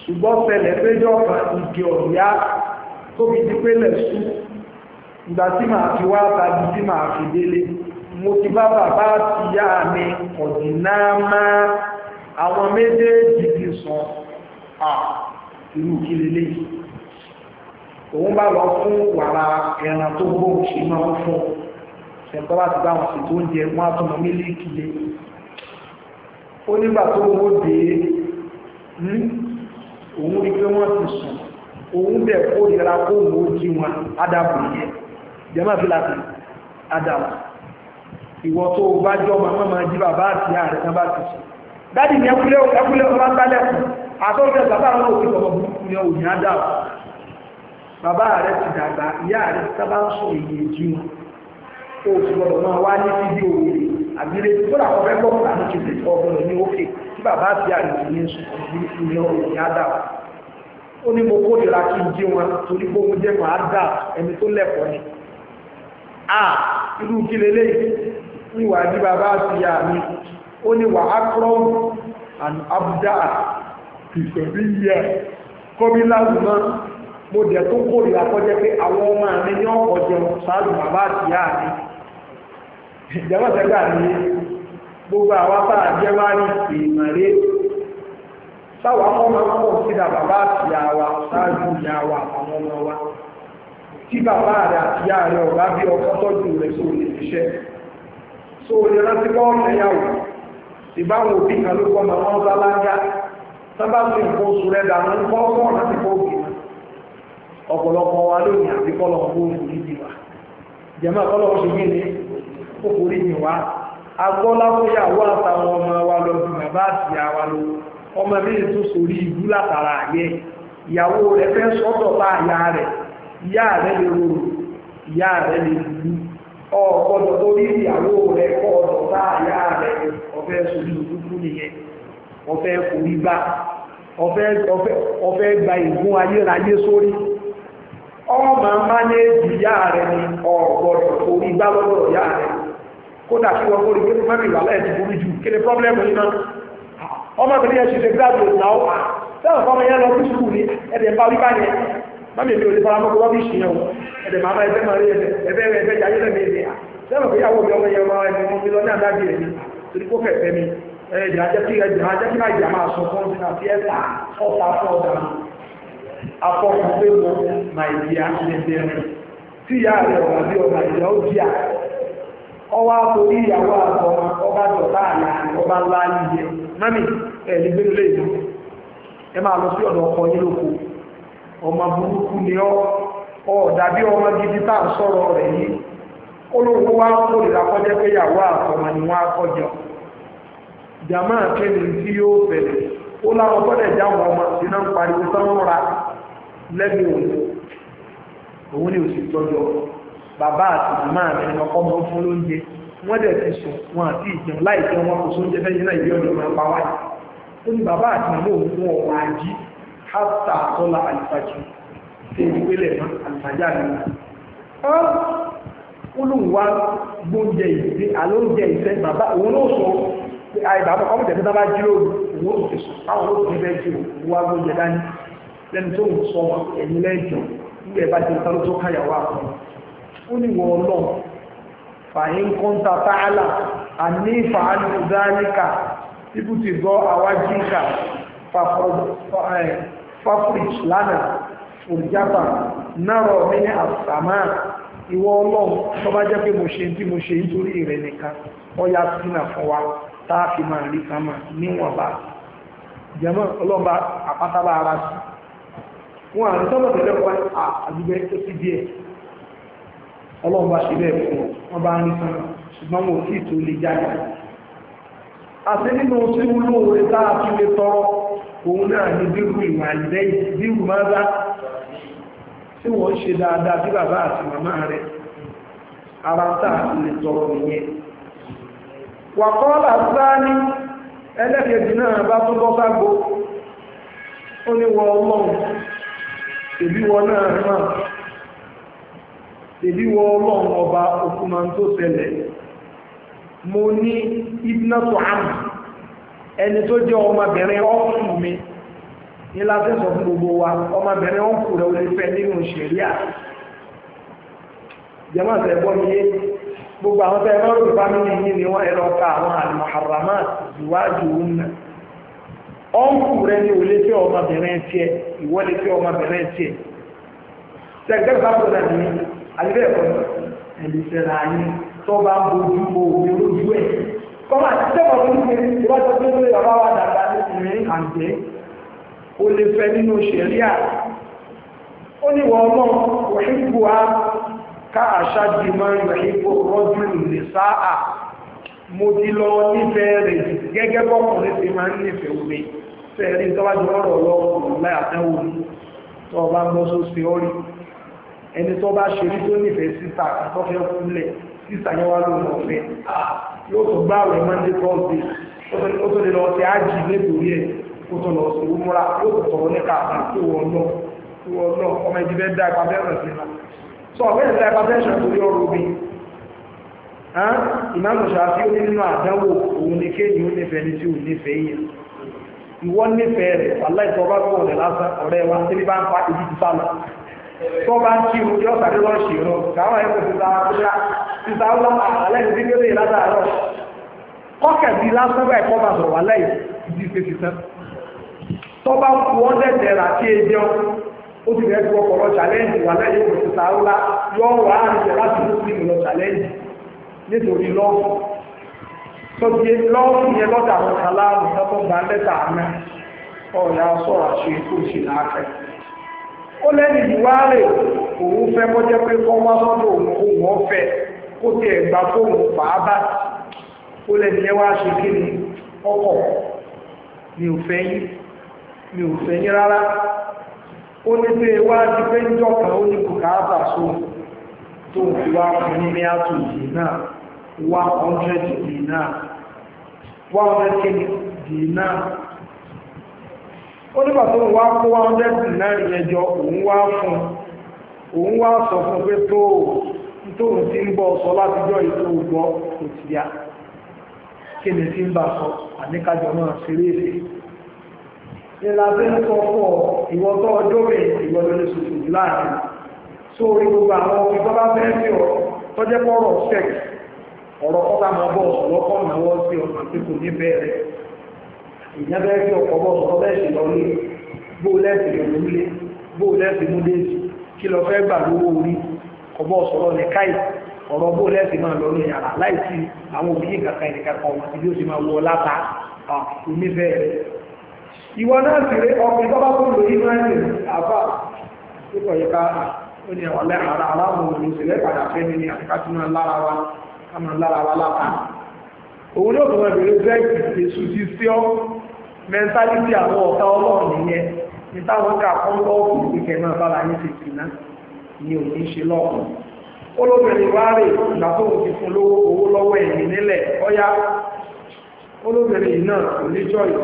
ṣùgbọ́n fẹlẹ̀ péjọ kan igi ọ̀yá tó fi di pé lẹ̀sùn ìgbà tí màá fi wá tàbí tí màá fi délé mo ti bá bàbá àti ìyá mi ọ̀dìnáàmá àwọn méjèèjì ti sàn à irú kí òun bá lọ fún wàrà ẹran tó gbóhùn sí máa ń fún un ṣẹ̀tọ́ bá ti bá wọn ṣètò oúnjẹ wọn á tọmọ mílíkì lé ó nígbà tó owó dé òun rí pé wọ́n ti sùn òun bẹ̀ kó ìlera kó òun ó jí wọn ádàbò yẹ jẹ́mọ́ fi láti ádàbò ìwọ tó o bá jọ ọmọ máa jí bàbá àti ààrẹ kan bá ti sùn dáàdì ní ẹkúlẹ́ ẹkúlẹ́ ọmọ bá lẹ́kùn àtọ́jọ́ bàbá àwọn òfin ọmọ burúkú ni òun á dà bàbá rẹ ti dàgbà ìyá rẹ ti sábà ń sọ èyí èjì wọn kó o sì gbọdọ̀ máa wá ní fídíò rẹ̀ àbílẹ̀ tó dà kọ́ fẹ́ gbọ́ kó àánú ti lè tọ́ ọmọ rẹ̀ ní òkè tí bàbá àti àlùkò ní ìyẹn òní ádà ó ní mo kórìíra kí n jí wọn torí gbóhùn jẹ́ mọ́ ádà ẹni tó lẹ́kọ̀ọ́ ni a irú kí leléyìí ní wàá di bàbá àti ìyá ó ní wàá akọ́rọ́ and abdá ìsọ̀bí yẹ kọ́míláàmù mo dẹ̀ tó kórìíra kọjá pé àwọn ọmọ mi ní ọ̀pọ̀ jẹun ṣáájú bàbá àti ìyá ìjọba sẹ́gbà ní gbogbo àwọn bá jẹ́wá ní ìmọ̀lẹ́ sáwọn ọmọ máa ń pọ̀ síra bàbá àti àwa ṣáájú ìyá wa àwọn ọmọ wa tí bàbá rẹ̀ àti ìyá rẹ̀ ọ̀gá bí ọkọ tọ́jú rẹ̀ sóò lè ṣiṣẹ́ sóò lè rántí bọ́ ọ̀fẹ́ yàwó ìbáwọn òbí kan ló kọ́ máa ń bá sábà fi nǹkan oṣù rẹ̀ dànù ń kọ́ ọ̀rọ̀ láti kọ́ òbí wọn ọ̀pọ̀lọpọ̀ wa lónìí àti kọ́ òbí wa jẹ̀mọ́ àkọ́lọ́wọ́ ṣe yé ni ó forí agbọla wá agbọ́láfóyàwó àtàwọn ọmọ wa lọ bí bàbá àti àwa lọ ọmọ mi tún sórí ìlú látara àyẹ ìyàwó rẹ fẹ́ sọ́dọ̀ bá àyà rẹ ìyá rẹ lè rò ìyá rẹ̀ lè dùn ọ̀gbọ́dọ̀ torí ìyàwó rẹ̀ kọ́ ọ̀dọ̀ bá rẹ ọ̀fẹ́ sórí nìyẹn ọ̀fẹ́ bá ọ̀fẹ́ gba ìgún ayérayé sórí ọmọ máa ń ní ìyá ni bá ìyá kódà kí wọ́n kórè gbẹ́nu mẹ́rin ìwà lẹ́yìn tó burú jù kí ni pọ́blẹ́mù yìí náà ọmọbìnrin yẹn ṣe ṣe gbáàbò náà sẹ́wọ̀n fọmọ yẹn lọ sí sùkúù ní ẹ̀dẹ̀ bá wípá yẹn mọ́mí mi ò lè fara mọ́kọ́ wọ́bí ìṣìyàn o ẹ̀dẹ̀ máa ẹgbẹ́ máa rí ẹgbẹ́ rẹ̀ ẹgbẹ́ jayé lẹ́mí ẹ̀dẹ̀ sẹ́wọ̀n fìyàwó mi ọmọ yẹn máa ẹni mú mi lọ ní àdájì rẹ̀ mi torí kó fẹ̀ fẹ́ mi ẹ̀dẹ̀ ajẹ́ kí ẹ̀dẹ̀ ajẹ́ kí máa jẹ́ máa sọ fún ọdún àti ẹ̀ta ọ̀ta fún ọ̀dà afọ́kùn pé mo máa ìdí ọwọ́ àtòrí ìyàwó àtọ́mọ ọba dọta ala ọba laa ihe mami ẹ̀lì gbé lè ẹ máa lọ sí ọkọ yín lóko ọmọ burúkú ni ọ ọ̀dàbí ọma gidi tá sọrọ ń sọ̀rọ̀ rẹ̀ olóko wa kórìíra kọjá pé ìyàwó àtọ́mọ ni wọ́n á kọjọ jàmá kẹ́ni yóò bẹ̀rẹ̀ ó láwọn gbọ́dọ̀ já wọn ọmọ náà ń pariwo òun bàbá àti màmá mi ni ọkọ mọ fún lóúnjẹ wọ́n dẹ̀ ti sùn wọn àti ìjẹun láì jẹun wọn kò sóúnjẹ fẹ́ yín náà ìbí ọ̀dọ̀ máa pa wáyé ó ní bàbá àti màmá òun fún ọ̀wọ́ àjí hátà àtọ́lá àlìfàjì ṣe ìpínlẹ̀ náà àlìfàjì àlìfàjì olùwà gbóúnjẹ ìdí alóúnjẹ ìfẹ́ bàbá òun ló sọ pé àìbà àbọ̀kọ́ mọ̀ tẹ̀sí bàbá jí lóru òun ó sì sọ táwọn olóògùn níbẹ̀ jù wá ó ní tààlà àní fàánù dáníkà ibùtì gbọ́ àwájíkà fafrich eh, lánàá òrìjápa náà mi ní àsàmà ìwọ tó bá jẹ́ pé mo ṣe tí mo ṣe nítorí rẹ̀ nìkan ọya sínà ọlọ́run bá ṣe bẹ́ẹ̀ fún wọn bá ń rí sánà ṣùgbọ́n wọn ò tó lè jáde àti nínú tí ó tọrọ òun náà ní bíru ìwà ìlẹ́yìn bírù máa wọ́n ṣe dáadáa bí bàbá àti màmá rẹ̀ ara lè nìyẹn wàkọ́lá sáání ẹlẹ́kẹ̀ẹ́dì náà bá tún bọ́ tèbí wọ ọlọ́run ọba òkúma tó ṣẹlẹ̀ mo ní ibnatu amu ẹni tó jẹ́ ọmọbìnrin ọkùnrin mi ní láti sọ fún gbogbo wa ọmọbìnrin ọkùnrin rẹ̀ ò lè fẹ́ nínú ṣẹ̀ríà jẹ́mọ́ àti ẹ̀gbọ́n mi yé gbogbo àwọn tẹ́ ẹ bá rògbò fámìlì yìí ni wọ́n ẹ̀rọ ka àwọn àlùmọ̀hàrámà ìwádìí òun náà ọ̀nkù rẹ ni ò lè fẹ́ ọmọbìnrin tiẹ̀ ìwọ lè fẹ́ ọmọbìnrin tiẹ̀ tẹ̀gbẹ́ sábà náà nìyí àbíbẹ̀ ẹ̀kọ́ ẹ̀lì ìṣẹ̀lẹ̀ ayé tó bá ń bojú bo òwe lójú ẹ̀. kọ́mà tẹ́kọ̀ fún mi ìwádìí tó lórí bàbá wa dàgbà nítorí àǹtẹ̀ ó lè fẹ́ nínú ṣẹ̀ríà ó ní wọ́n mọ̀ òṣìṣẹ́ wa ká àṣà di mọ́ ìwẹ̀yìnbó rọ́jú lè sáà mo ti lọ nífẹ̀ẹ́ rẹ̀ gẹ́gẹ́ bọ́kùnrin ti máa ń nífẹ̀ẹ́ omi fẹ́ẹ̀rí tọ́wájú ọ̀rọ̀ lọ́wọ́ láì àtẹ́wò tó ọba ń lọ sóṣèọ́rí ẹni tó bá ṣe rí tó nífẹ̀ẹ́ sísà tó fẹ́ kúlẹ̀ sísà yẹn wá lóun ọ̀fẹ́ yóò tó gbá rẹ̀ monday thursday ó tó lè lọ sí ájì nítorí ẹ̀ ó tó lọ sí umra yóò tó tọrọ ní káàkiri tó wọ náà tó wọ náà ọmọ ẹbí bẹ́ẹ̀ dá ipa bẹ́ẹ̀ rẹ̀ sí náà sọ ọ̀gbẹ́ni dá ipa bẹ́ẹ̀ ṣàtúnyẹ ọ̀rọ̀ mi ìmáàmù ṣàfi ó ní nínú àdánwò òun ní kéèyàn ó nífẹ̀ẹ́ ní tí ò nífẹ̀ẹ́ yẹn ìwọ nífẹ̀ẹ́ rẹ̀ aláìsọ bá gbọ́ ọ̀rẹ́ lásán ọ̀rẹ́ wa tí bá ń fa ibi ti sá lọ tó bá ń kí tó lọ sí ìró káwọn ẹ̀kọ́ ti sáwọn àbúrà ti sáwọn lọ àlẹ́ ní fídíò lè látàárọ̀ kọ́kẹ̀ bíi lásán bá ẹ̀kọ́ bá sọ̀rọ̀ wálẹ̀ yìí ti ti tán tó bá kú ọ́ dẹ̀dẹ̀ rà kí e jẹun ó ti rẹ̀ challenge wálẹ̀ yìí kò ti yọ wà á láti mú challenge nítorí lọ́ọ̀fù lọ́ọ̀fù yẹn lọ́dà àwọn kaláàmù tó bá ó lẹ́nu ìwá òun fẹ́ kọjá pé kọ́ òun òun ọ̀fẹ́ kó tiẹ̀ gbà fóun pàábà ó lẹ́nu yẹn ṣe kí ni ọkọ̀ mi ò fẹ́ rárá ó ní pé wá pé ń jọkàn ó ní bùkátà sóun tó ń fi wá fún ní náà ó nígbà tó wá kó wá hundred náírà yẹn jọ òun wá fún òun wá sọ fún pé tó tóun ti ń bọ sọ látijọ́ ètò ògbọ́ kò ti yá kí ni ti ń bá sọ àníkájọ náà ṣeré ń sọ fún ọ ìwọ tó ọjọ́ rẹ̀ ìwọ lórí tó orí gbogbo àwọn fẹ́ ọ tọ́jẹ́ ìyẹn bẹ́ẹ̀ fi ọ̀pọ̀ bọ́ sọ bẹ́ẹ̀ sì lọ rí bó lẹ́sìn lòún lé bó lẹ́sìn mú léèsì kí lọ fẹ́ gbà lówó orí ọ̀bọ̀ sọ̀rọ̀ ní káì ọ̀rọ̀ bó lẹ́sìn máa lọ́nu yàrá láìsí àwọn òbí ìkàkà ìkàkà ọmọ àti bí ó ti máa wọ láta onífẹ́ rẹ̀. ìwọ náà sì rí ọkùnrin tó bá kó lórí máìlì àbá púpọ̀ yìí ká ó ní àwọn lẹ́hàrá aláwọ̀ olùsèlè padà fẹ́ ní àfikàtúmọ̀ lára wa kámọ̀ lára wa láta. òun yóò tó máa bèrè bẹ́ẹ̀ kì í ṣe sùn sí sí ọ́ mẹ́ntálítì àwọn ọ̀tá ọlọ́run nìyẹn ní táwọn kà fún lọ́ọ̀kù ìpìkẹ̀ náà bára yín ti sì ni ṣe lọ́ọ̀kù olóbìnrin wá rè ìgbà tó ti fún lówó owó lọ́wọ́ ẹ̀yìn nílẹ̀ ọ̀yá olóbìnrin náà kò ní jọ́yọ̀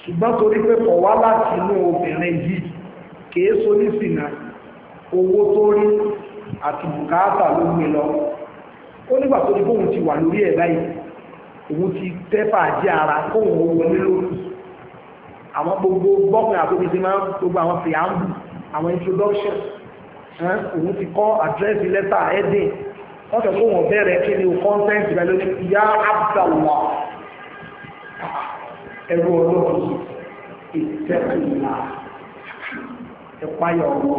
ṣùgbọ́n torí pé kọ̀ wá láti inú obìnrin yìí kìí owó tó rí àti òun ti tẹ́fà jẹ́ ara kóun ò wọlé lórí àwọn gbogbo bọ́ọ̀kùn àtòkìtì máa ń gbogbo àwọn fìyàmù àwọn introduction òun ti kọ́ àdírẹ́sì lẹ́tà ẹ̀dìn wọ́n sọ pé wọ́n bẹ̀rẹ̀ kí ni kọ́ńtẹ́ǹtì rẹ lórí ìyá abdallah ẹ̀rọ ọlọ́run ìtẹ́kùnlá ìpayà ọ̀rọ̀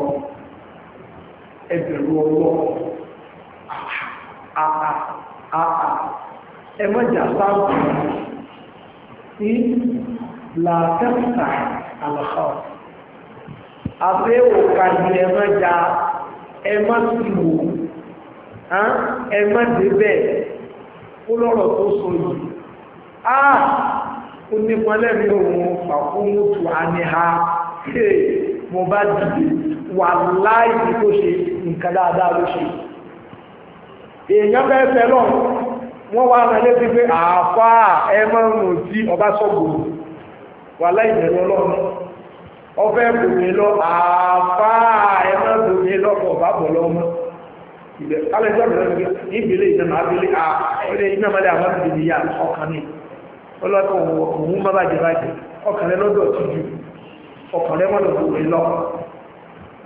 ẹ̀bẹ̀rù ọlọ́run àà àà àà ẹ mọ́jà sáàbù sí làtẹ́sà àlọ́kọ́ àti òkàdì ẹ mọ́jà ẹ mọ́ sí wò ẹ mọ́ débẹ̀ ó lọ́rọ̀ tó sọ yìí á ó nípa lẹ́nu òun fàkúnmùtù àníhà mo bá dìde wà láì tó ṣe nǹkan dáadáa ló ṣe èèyàn fẹ́ fẹ́ lọ́rùn. wọ́n wá rán létí pé àáfà ẹ máa ń ọba wà láì bẹ̀rù ọfẹ́ bòmí lọ àáfà ẹ máa ń bòmí lọ́kọ̀ ọba bọ̀ lọ́mọ ìbẹ̀ alẹ́sọ̀ bẹ̀rẹ̀ ní ìbílẹ̀ ìdáná abílẹ̀ ọ̀rẹ́ iná mọ́lẹ̀ àwọn ìbílẹ̀ yà ọkàn ní ọlọ́kọ̀ òun má bàjẹ́ bàjẹ́ ọkàn rẹ lọ́dọ̀ ju ọkàn rẹ lọ ó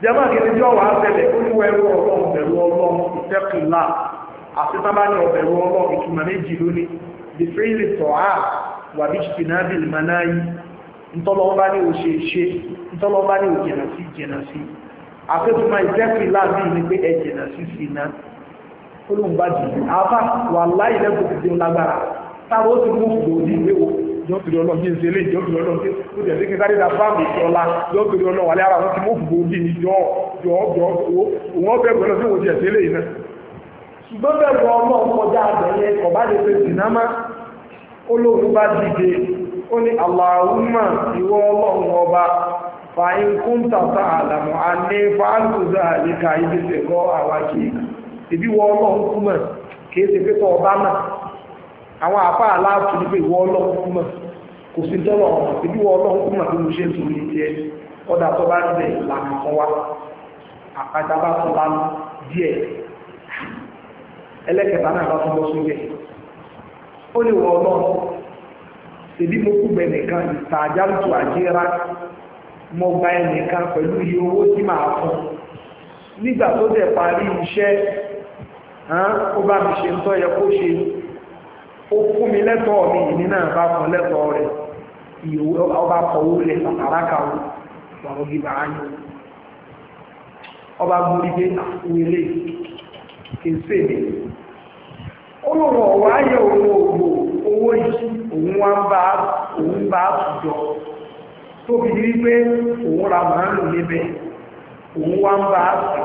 ọlọ́run ọlọ́run àti sábà ní ọ̀bẹ̀rù ọlọ́run méjì lónìí the manayi ni pé ẹ jìnà sí iná olóhùn bá jìnnà àbá wà láì lẹ́kọ̀ọ́ dín lágbára táwọn ó ti mú òdì ìwé ọlọ́run ṣe eléyìí ọlọ́run tí ó jẹ́ sí ọlọ́run ara wọn ti mú jọ́ jọ́ òun ọ̀fẹ́ ṣùgbọ́n bẹ́ẹ̀ wọ ọlọ́run kọjá àbẹ̀yẹ kọ̀bá lè dìnámá olóògùn bá dìde ó ní Allahumma ìwọ ọlọ́run ọba fàáyín kún adamu àlàmù àní fàáńtùzà àlíkà ibi ṣẹ̀kọ́ àwákì ìbí wọ ọlọ́run kúmọ̀ kìí ṣe pé ọba náà àwọn àpá aláàtú ní pé ìwọ ọlọ́run kúmọ̀ kò sí ìbí wọ ọlọ́run kúmọ̀ bí mo ṣe ń ní tiẹ̀ ẹlẹ́kẹta náà bá tún bọ́ sókè ó lè wọ ọlọ́run ṣèbí mo kú bẹ̀ nìkan ìta àjálùtù àjẹrà mo gba ẹnìkan pẹ̀lú iye owó tí màá fún nígbà tó dẹ̀ parí iṣẹ́ ó bá mi ṣe ń tọ́ yẹ kó ṣe ó fún mi lẹ́tọ̀ọ́ mi ìní náà bá fún lẹ́tọ̀ọ́ rẹ̀ ìyòwó ọba kọ̀wó lẹ̀ sàkàràkà ó wà ó gbé bàá yẹn ọba gbórí pé àwọn kèsè mi olùwọ̀ wà á yẹ owó yìí òun wá bá òun bá àtùjọ òun ra màálù níbẹ̀ òun wá bá àtù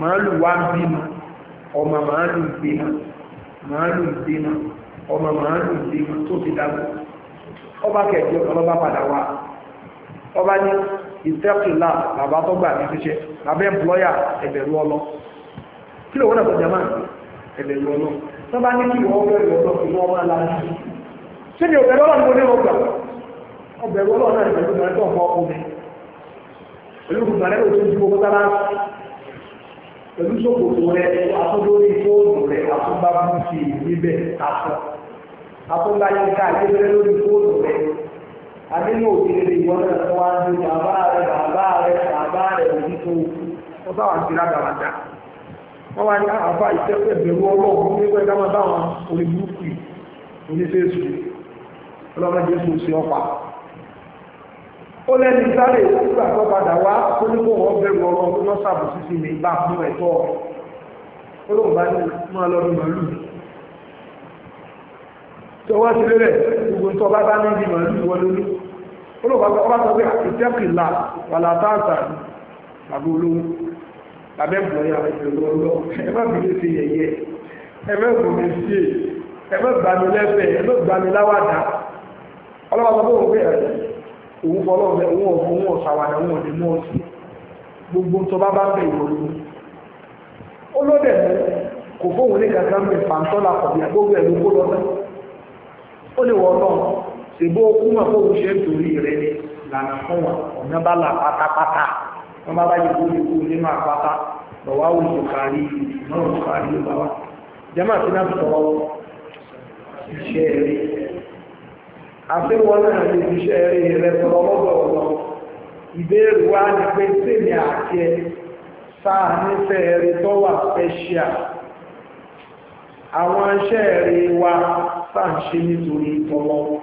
màálù wá bímọ ọmọ màálù bímọ màálù bímọ tó ti ọba kẹjọ ọlọ́ba padà wá ọba ní ìtẹ́kùlá bàbá tó gbà ní bàbá kí ló wọ́n àtọ̀jà máa ẹ̀bẹ̀ yọ náà tó bá ní kí wọ́n bẹ̀rẹ̀ yọ náà kí wọ́n máa la jù ṣé ni ọ̀bẹ̀rẹ̀ ọlọ́run mo ní ọgbà ọbẹ̀rẹ̀ ọlọ́run náà ìgbà tó bẹ̀rẹ̀ tó ọkọ̀ ọkùnrin pẹ̀lú gbogbo àrẹ́ òtún ju owó tára pẹ̀lú ṣòkòtò rẹ̀ àtúndórí fóònù rẹ̀ àtúndàbùsì níbẹ̀ àtọ̀ àtúndàyẹ ká ìdíbẹ̀rẹ̀ lórí fóònù rẹ̀ àdínú òkèèrè ìwọ náà tó wá ń di bàbá rẹ̀ bàbá rẹ̀ bàbá rẹ̀ òbí tó ó ń tira gàràjà wọ́n wá ní ah, àbá ìtẹ́fẹ́ bẹ̀rù ọlọ́run nígbà ẹ̀dá máa bá wọn orí burúkú oníṣẹ́sù ọlọ́run jésù sí ọ̀pá ó lẹ́ni sáré nígbà tó padà wá ó ní kó wọ́n bẹ̀rù ọlọ́run tó lọ́sàbò sísì ní ìgbà fún ẹ̀tọ́ ó lóun bá ní máa lọ́dún màálù tí wọ́n ti lélẹ̀ gbogbo tó bá bá ní ibi màálù wọlé ní ó lóun bá sọ pé ìtẹ́kìlá wàlá táǹtà àbí olówó tàbí ẹ̀bùnlọ́yà ìṣòro ọlọ́ ẹ̀fẹ́ mi lè ṣe yẹ̀yẹ́ ẹ̀fẹ́ kò lè ṣe ẹ̀fẹ́ gbani lẹ́fẹ̀ ẹ̀fẹ́ gbani láwàdà ọlọ́wọ́ sọ pé òun pé òun fọ́ lọ́wọ́ òun ọ̀fọ́ òun ọ̀sàwàdà òun ọ̀dẹ mú ọtí gbogbo tó bá bá ń bẹ ìwọ lóhun ó ló dẹ̀ mú kò fóun ní kankan mi fàǹtọ́là kọ̀bí gbogbo ẹ̀ ló kó lọ náà ó lè wọ ọlọ́run ṣèbó kúmọ̀ fóun ṣe ń torí rẹ̀ lànà fún wa ọ̀nà bá là pátápátá wọ́n bá bá yẹ kó ikú nínú àpáta bọ̀wá wù bùkárí náà bùkárí ló bá wà jẹ́mà tí náà sọ iṣẹ́ rẹ̀ àti wọn náà lè fi iṣẹ́ rẹ̀ rẹ̀ sọ lọ́gbọ̀ ìbéèrè wa ni pé sèmi àti ẹ sáà nífẹ̀ẹ́ rẹ̀ tó wà fẹ́ṣíà àwọn iṣẹ́ rẹ̀ wa sáà ń ṣe nítorí tọ́lọ́wọ́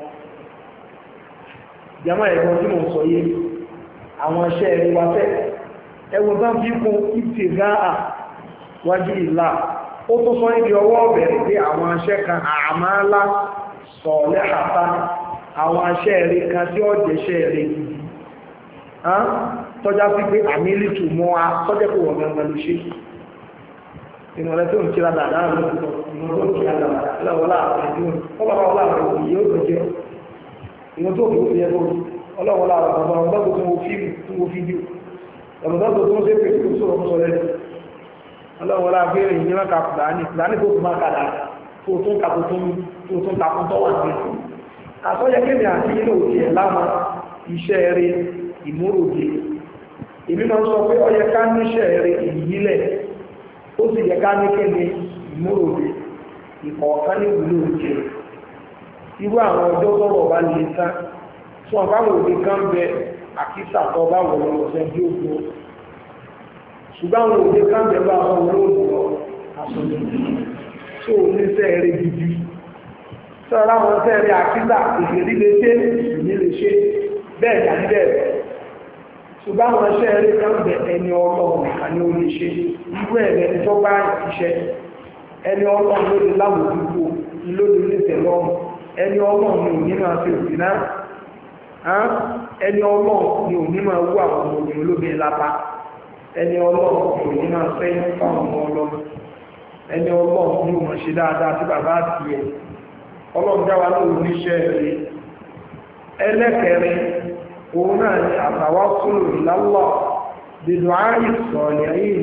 jẹ́mà ẹ̀gbọ́n tí mo sọ yé àwọn iṣẹ́ rẹ̀ wa fẹ́ẹ́ ẹwọ bá fi kún ìtìgáà wájú ìlà ó tó sọ ibi ọwọ́ bẹ̀rẹ̀ pé àwọn aṣẹ́ kan àmàlá sọ̀lẹ́ àpá àwọn aṣẹ́ rẹ̀ kan tí ó jẹ́ṣẹ́ rẹ̀ tọ́já sí pé àmìlítù mọ́ a tọ́jẹ́ pé wọ́n gbẹ̀ngbẹ̀ ló ṣe inú rẹ̀ tó ń kíra dàdá rẹ̀ inú tó ń kíra dàdá lọ́wọ́ láàrin ìdúró ọlọ́wọ́ láàrin òyìnbó yóò jẹ́ inú tó kò fi ẹgbẹ́ ọlọ́wọ́ láàrin ọgbà ọgbà tó mo fi jù rọ̀mọ̀dán tó tún ṣe pé kí n sọ̀rọ̀ mọ́ sọ̀rọ̀ ẹ̀dùn ọlọ́run wọlé abẹ́rẹ́ yìí ní wọn kà kùdání kùdání tó tún máa kàdà tó tún takò tó tún takò tó wà ní ẹ̀sìn àsọyẹ kéde àti ilé òkè ẹ̀ láwọn iṣẹ́ eré ìmúròdì èmi máa ń sọ pé ó yẹ ká ní iṣẹ́ eré ìyílẹ̀ ó sì yẹ ká ní kéde ìmúròdì ìkọ̀ọ̀kan ní ìwúlò òkè irú àwọn ọjọ́ tọrọ ọba lè àkísà tó bá wọ̀ lọ ọ̀sẹ̀ bí ó gbó ṣùgbọ́n àwọn òde káńtẹ̀ bá wọn olóògùn lọ àsọ̀tún tó o ní sẹ́ẹ̀rẹ́ gidi sọ̀rọ̀ àwọn sẹ́ẹ̀rẹ́ àkísà ìgbèrí lè ṣe ìní lè ṣe bẹ́ẹ̀ dàbí bẹ́ẹ̀ ṣùgbọ́n àwọn sẹ́ẹ̀rẹ́ káńtẹ̀ ẹni ọlọ́run nìkan ni ó lè ṣe irú ẹ̀rẹ́ ni tó bá ìṣiṣẹ́ ẹni ọlọ́run ló lè láwùjọ ìlú ló lè tẹ̀lọ́run ẹni ọlọ́run ni òní máa fi ẹni ọlọ́run ni òní máa wú àwọn ọmọ obìnrin olóbìnrin lápá ẹni ọlọ́run ni òní máa fẹ́ fáwọn ọmọ ọlọ́run ẹni ọlọ́run ni òun ṣe dáadáa sí bàbá àti ẹ̀ ọlọ́run dáwà lóru níṣẹ́ rẹ̀ ẹlẹ́kẹrin òun náà ni àbáwá kúrò lálọ́ dídùn ààyè sọ̀rọ̀ yìí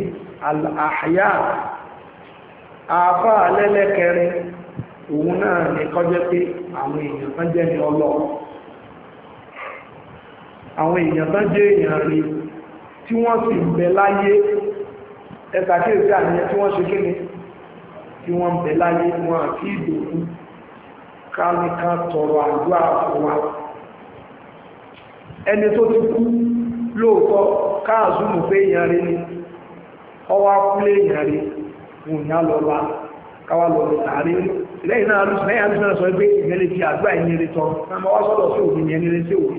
àwọn èèyàn tán jẹ́ èèyàn rí tí wọ́n sì bẹ láyé ẹ̀ka kéèsì àníyàn tí wọ́n ṣe kí ni tí wọ́n bẹ láyé wọn àti ìdòkú káníká tọrọ àdúrà fún wa ẹni tó ti kú lóòótọ́ káàzùmù pé èèyàn rí ni ọwọ́ akúlé èèyàn rí wọn ìyá lọ bá káwá lọ lọ tààrí lẹ́yìn náà lẹ́yìn àlùsùn náà sọ pé ìgbẹ́lẹ̀ ti àdúrà ìyẹn náà wá sọ́dọ̀ sí òbí yẹn rí sí òbí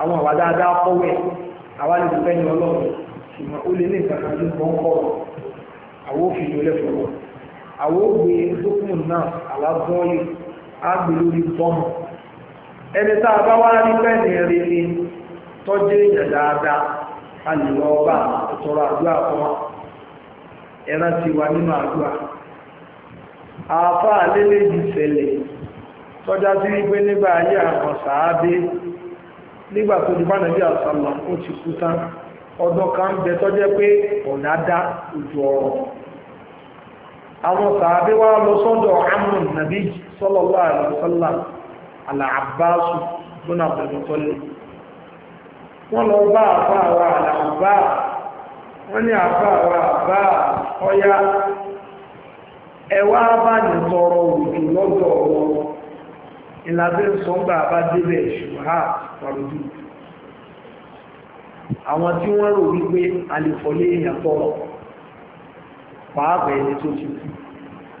àwọn àwa dáadáa kọ́wẹ́ àwa lè fẹ́ ní ọlọ́run ṣùgbọ́n ó lè ní nǹkan kan tó ń bọ́ ń kọ́ àwọn òfin yóò lẹ́fọ̀ lọ àwọn ògbé dókùn náà àlágbọ́n yìí á gbé lórí bọ́ọ̀mù ẹni tá a bá wá rí bẹ́ẹ̀ni rí ni tọ́jú èèyàn dáadáa a lè lọ bá ìtọ́rọ àdúrà kan ẹran ti wà nínú àdúrà àáfàá lélẹ́yìn ìṣẹ̀lẹ̀ tọ́já sí wípé nígbà ayé àwọn sàábé nígbà tó di bánàbí àsàlà ó ti kú tán ọdún kan bẹ tó pé ọ̀dà dá ojú ọ̀rọ̀ àwọn sàábé wa lọ sọ́dọ̀ amú nàbí sallallahu alaihi wasallam àlàábáṣù lọ́nà àbẹ̀mọ́tọ́lẹ̀ lọ bá àbá wa àlàábá wọ́n ní àbá àbá bá ìlàbẹ́ sọ́ngbà bá débẹ̀ ṣùgbọ́n àpàrọ̀dù àwọn tí wọ́n rò wípé àlèfọ́lé èèyàn tọrọ pàápàá ẹni tó ti kú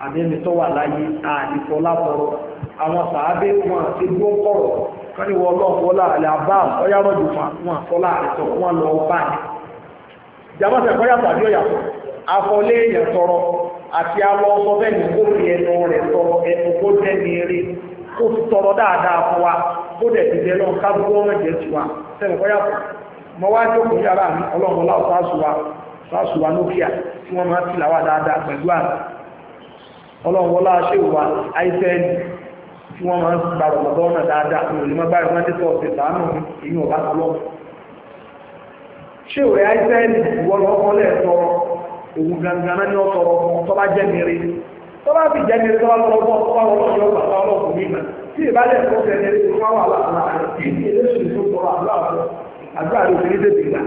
àbẹ́ni tó wà láyé àlèfọ́lá tọrọ àwọn sàábé wọn àti gbọ́kọ̀rọ̀ kọ́ni wọ́n lọ́ọ̀kọ́ láàrin àbá ọ̀yárọ̀jù fún àwọn àfọ́lá àrẹ̀tọ̀ wọn lọ bá ní. ìjàmọ́sẹ̀ kọ́ yàtọ̀ àbí ọ̀yàtọ̀ àfọ́lé èèyàn tọrọ àti àwọn ọmọ bẹ́ẹ̀ ní kó fi ẹnu rẹ̀ tọrọ ẹnu kó tẹ́ni rí ó ti tọrọ dáadáa fún wa ó dẹ̀ ti jẹ́ ọmọ jẹ́ tiwa sẹ́nu kọ́ yàtọ̀ mọ wá jókòó yàrá mi ọlọ́run láwọ sáàsùwà tí wọ́n máa ti làwà dáadáa pẹ̀lú àná ọlọ́run wọlá àìsẹ́ni tí wọ́n máa ń gba náà dáadáa mi ò sàánù mi èyí ò bá gangan náà ni bá sì jẹ́ ní ẹni tó bá lọ́wọ́ bọ́ tó bá wọ́n lọ́wọ́ bàtà ọlọ́ọ̀kùn mi náà tí ìbálẹ̀ tó fẹ́ ní ẹni tó máa wà láàrín àárín tí eléṣù tó tọrọ àdúrà rẹ̀ àdúrà rẹ̀ òfin dé bìgbà.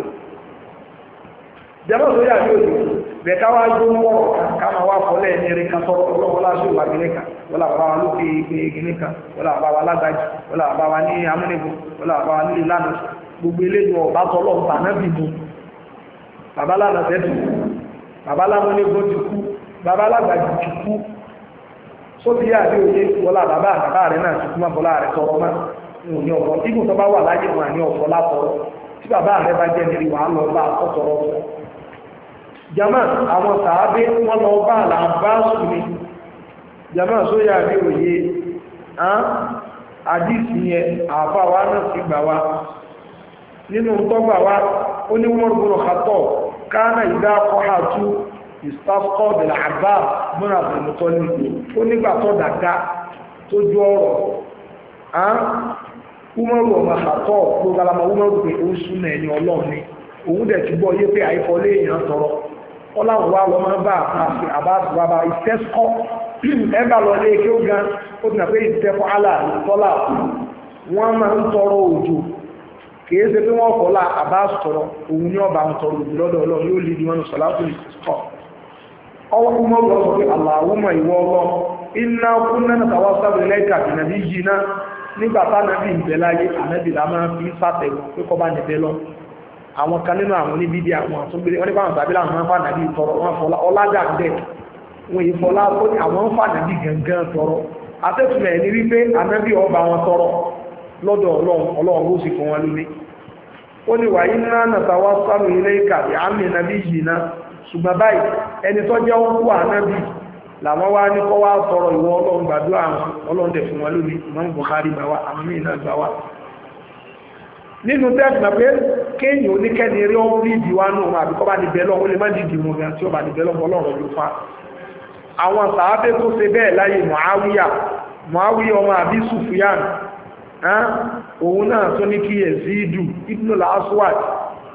jẹ́mọ̀ tó yà yóò dùn bẹ̀ ká wá gbó mọ́ ká máa wá fọlẹ́ ẹni rẹ̀ kan sọ́kọ́ ọlọ́wọ́ láṣù wà gíní kan wọ́n là bá wa lókè gíní kan wọ́n là bá wa lágbájú wọ́n là bá wa ní amúnibù wọ́n là bá wa nílé lánà gbogbo eléyìí ọ̀bá tọ́lọ́ ọ̀bà náà bì mú babalá lọ́sẹ̀ tù babalá mọ́nibù ti kú babalá gbàdú ti kú sóbi yá àbí òye wọlá bàbá bàbá rẹ náà tuntun máa bọlá rẹ tọrọ mọ ní òní ọkọ igun tó bá wà láyé wọn àní ọkọ látọrọ tí bàbá rẹ bá jẹ nírí wàá lọ bá ọtọrọ ọtọ jama àwọn sàábé wọn lọ bá àlà bá sùn ni jama sóyà àbí òye hàn àdìsí yẹn àfa wa náà ti gbà wá nínú tọgbà wa ó ní wọn gbọ́dọ̀ kàtọ káánà ìdá kọ àtú ìsàkọ́ bẹ̀rẹ̀ àbá múra àbùmùtọ́ ní ó nígbà tó dàgá tó ju ọ̀rọ̀ á umaru ọmọ àtọ́ ló galama umaru pé ó sún náà ẹni ọlọ́run ni òun dẹ̀ ti gbọ́ yé pé àìfọlé èèyàn tọrọ ọláwọ̀ wa lọ máa bá àpàṣẹ àbáṣe bàbá ìtẹ́sọ́ ẹ bá lọ lé kí ó gan ó ti nà pé ìtẹ́kọ̀ alà ìtọ́là wọ́n máa ń tọrọ òjò kìí ṣe pé wọ́n kọ́ la àbáṣe tọrọ òun ni ọba ń tọrọ òjò lọ́dọ̀ ọlọ́run yóò lé ní wọn sọ̀lá fún ìtẹ́sọ́ ọwọ́ kúmọ́ lọ sọ pé aláwọ́mọ̀ ìwọ ọlọ́ iná kún náà tàwọn sábà lẹ́ka yìí náà nígbà tánàbí ìbẹ̀láyé ànábì là fi sàtẹ̀wò pé kọ́ bá lọ àwọn kan nínú àwọn níbi di àwọn àtúngbèrè nípa àwọn tàbí máa tọrọ wọn fọlá ọlájà bẹ́ẹ̀ wọn yìí fọlá ó ní àwọn ń fànàbí gangan tọrọ àtẹ̀tùmẹ̀ ní tọrọ lọ́dọ̀ ọlọ́run ṣùgbọ́n báyìí ẹni tó jẹ́ òkú ànábì làwọn wá ní kọ́ wá sọ̀rọ̀ ìwọ ọlọ́run gbàdúrà àwọn ọlọ́run dẹ̀ fún wọn lórí ìmọ̀n Bukhari gbà wá àwọn míì náà gbà wá. nínú tẹ́sí náà pé kéèyàn oníkẹ́ni rí ọ́n rí ìdí wa nù àbí kọ́ bá ní bẹ́ẹ̀ lọ́wọ́ lè má ní ìdí mu gan tí ó bá ní bẹ́ẹ̀ lọ́wọ́ ọlọ́run ló fa. àwọn sàábé tó ṣe bẹ́ẹ̀ láyé Muawiya Muawiya ọmọ àbí Sufyan òun náà tó ní kíyè Zidu ibn al-Aswad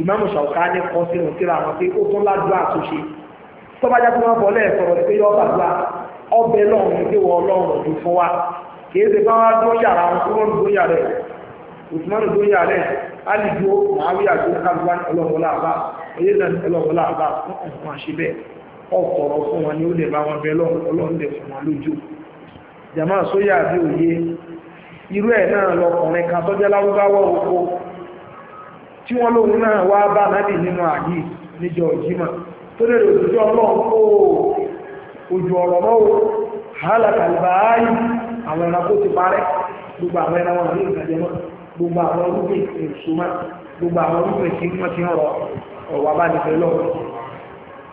ìmáàmù Ṣàwùkání kọ sínú síra wọn pé ó tún ládùúgbà àtúnṣe tọ́bajá tí wọ́n bọ̀ lẹ́ẹ̀sọ̀rọ̀ pé yọ bàbá ọbẹ̀ lọ́run pé wọ́n ọlọ́run ọdún fún wa kìí ṣe báwa dún yàrá wọn kúrò ní dún yàrá rẹ̀ Usman dún yàrá rẹ̀ Ali dúró màáwí àti kálíwá ọlọ́run làbá oyè náà ọlọ́run làbá fún ọ̀fun àṣebẹ̀ ọ̀tọ̀rọ̀ fún wọn ni ó lè bá wọn bẹ ọlọ́run lè fún wọn tí wọ́n lóhun náà wá bá nábì nínú àyè níjọ ìjímọ̀ tó lè òjòjò ọlọ́run ó òjò ọ̀rọ̀ mọ́ o hàálà kàlùbááyì àwọn ẹranko ti parẹ́ gbogbo àwọn ẹran wọn ní ìgbàjẹ́ mọ́ gbogbo àwọn orúkè èso mọ́ gbogbo àwọn orúkè tí wọ́n ti ń rọ
ọ̀wà bá nìfẹ́ lọ́wọ́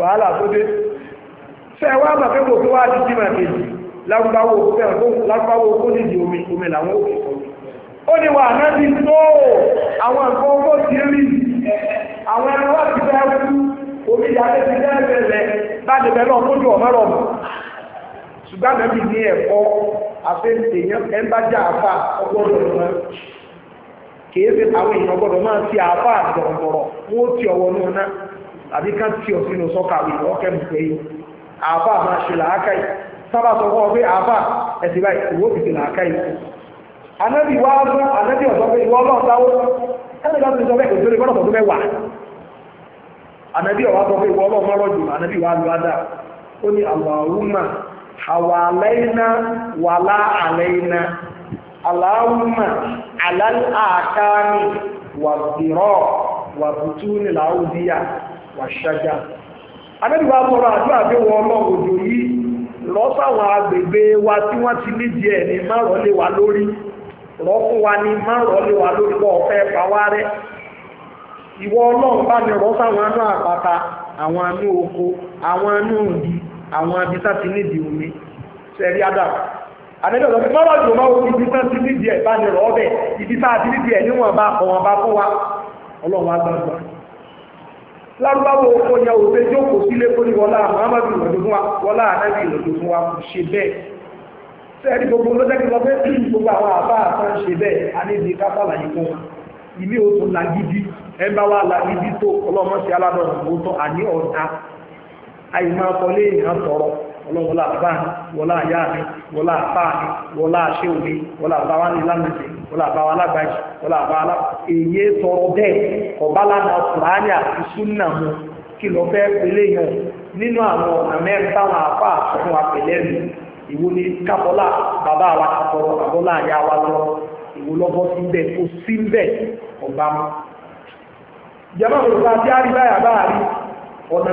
wàhálà tó dé ṣe wá màfẹ́ kò tó wá di jìmà kejì lágbáwo lágbáwo kó omi omi làwọn òkè kan ó ní wà náà ti tó àwọn nǹkan owó ti rí àwọn ẹni wá ti fẹ́ omi ìyáálé ti bẹ̀rẹ̀ mọ́ ṣùgbọ́n ní ẹ̀kọ́ àfẹ́ǹtẹ̀ yẹn bá àfà ọgbọ́dọ̀ ṣe àwọn èèyàn gbọ́dọ̀ máa ti àfà wọ́n ti ọwọ́ náà àbí ká tí ọ̀ sínú sọ́kà àbíkọ́ ọ̀kẹ́ mú pé àbá máa ṣe làákàyè sábà sọ fún ọ pé àbá ẹ̀sìn báyìí ìwọ́ fi ṣe làákàyè anábì wá mú anábì ọ̀sọ́ pé ìwọ ọlọ́run dáwó ẹ̀sìn bá ti sọ bẹ́ẹ̀ kò tó lè gbọ́dọ̀ fọdún mẹ́wàá anábì ọ̀wá sọ pé ìwọ ọlọ́run mọ́rọ̀ jù anábì ó ní àwàrúmà àwàlẹ́yìnà wàlá àlẹ́yìnà àlàáwùmà àlàáàkáàní wàbìrọ̀ wàṣájá anábìbá sọ̀rọ̀ àdúrà bí wọn ọlọ́run òjò yìí lọ sáwọn agbègbè wa tí wọ́n ti nídìí ẹ̀ ní márọ̀lé wa lórí lọ fún wa ní márọ̀lé wa lórí pọ̀ ọ̀fẹ́ pàwárẹ́ ìwọ ọlọ́run bá mi rọ sáwọn anú àpáta àwọn anú oko àwọn anú òdì àwọn abisá ti nídìí omi sẹ́rí ádàpù àdẹ́dọ̀ lọ́pẹ́ mọ́rọ̀ jù máa wọ́n ibi tán sí nídìí ẹ̀ bá ní rọ̀ ọ́bẹ̀ ibi tá a ti nídìí ẹ̀ níwọ̀n bá ọ̀wọ̀n bá fún wa ọlọ́run á gbàgbà lábáwọ̀ ọkọ̀ ya òfé jókòó sílé ní wọlá Muhammadu fún wọlá anábì fún wa kò ṣe bẹ́ẹ̀ sẹ́ẹ̀rí gbogbo lọ́jọ́ lọ pé (clears throat) gbogbo àwọn àbá àtàn ṣe bẹ́ẹ̀ a kápálà yìí fún ilé òtún lagidi ẹ wa lagidi tó aládọ́rùn-ún tó àní ọlọ́wọ́lá àbá wọlá àyá mi wọlá àpá mi wọlá àṣẹ òní wọlá àbá wa ní lánàjẹ wọlá àbá wa lágbàjì wọlá àbá wa èyí tọrọ bẹ́ẹ̀ ọ̀bá lánàá kùránì àti súnà mu kí lọ fẹ́ pélé yàn nínú àwọn ọ̀nà mẹ́rin táwọn àpá àtúnú apẹ̀lẹ́ mi ìwo ni kábọ́lá bàbá wa tọrọ àbọ́lá àyá wa tọrọ ìwo lọ́bọ́ sí kó sí bẹ́ẹ̀ mu. ìjọba òrùka a rí báyà báyà rí ọ̀nà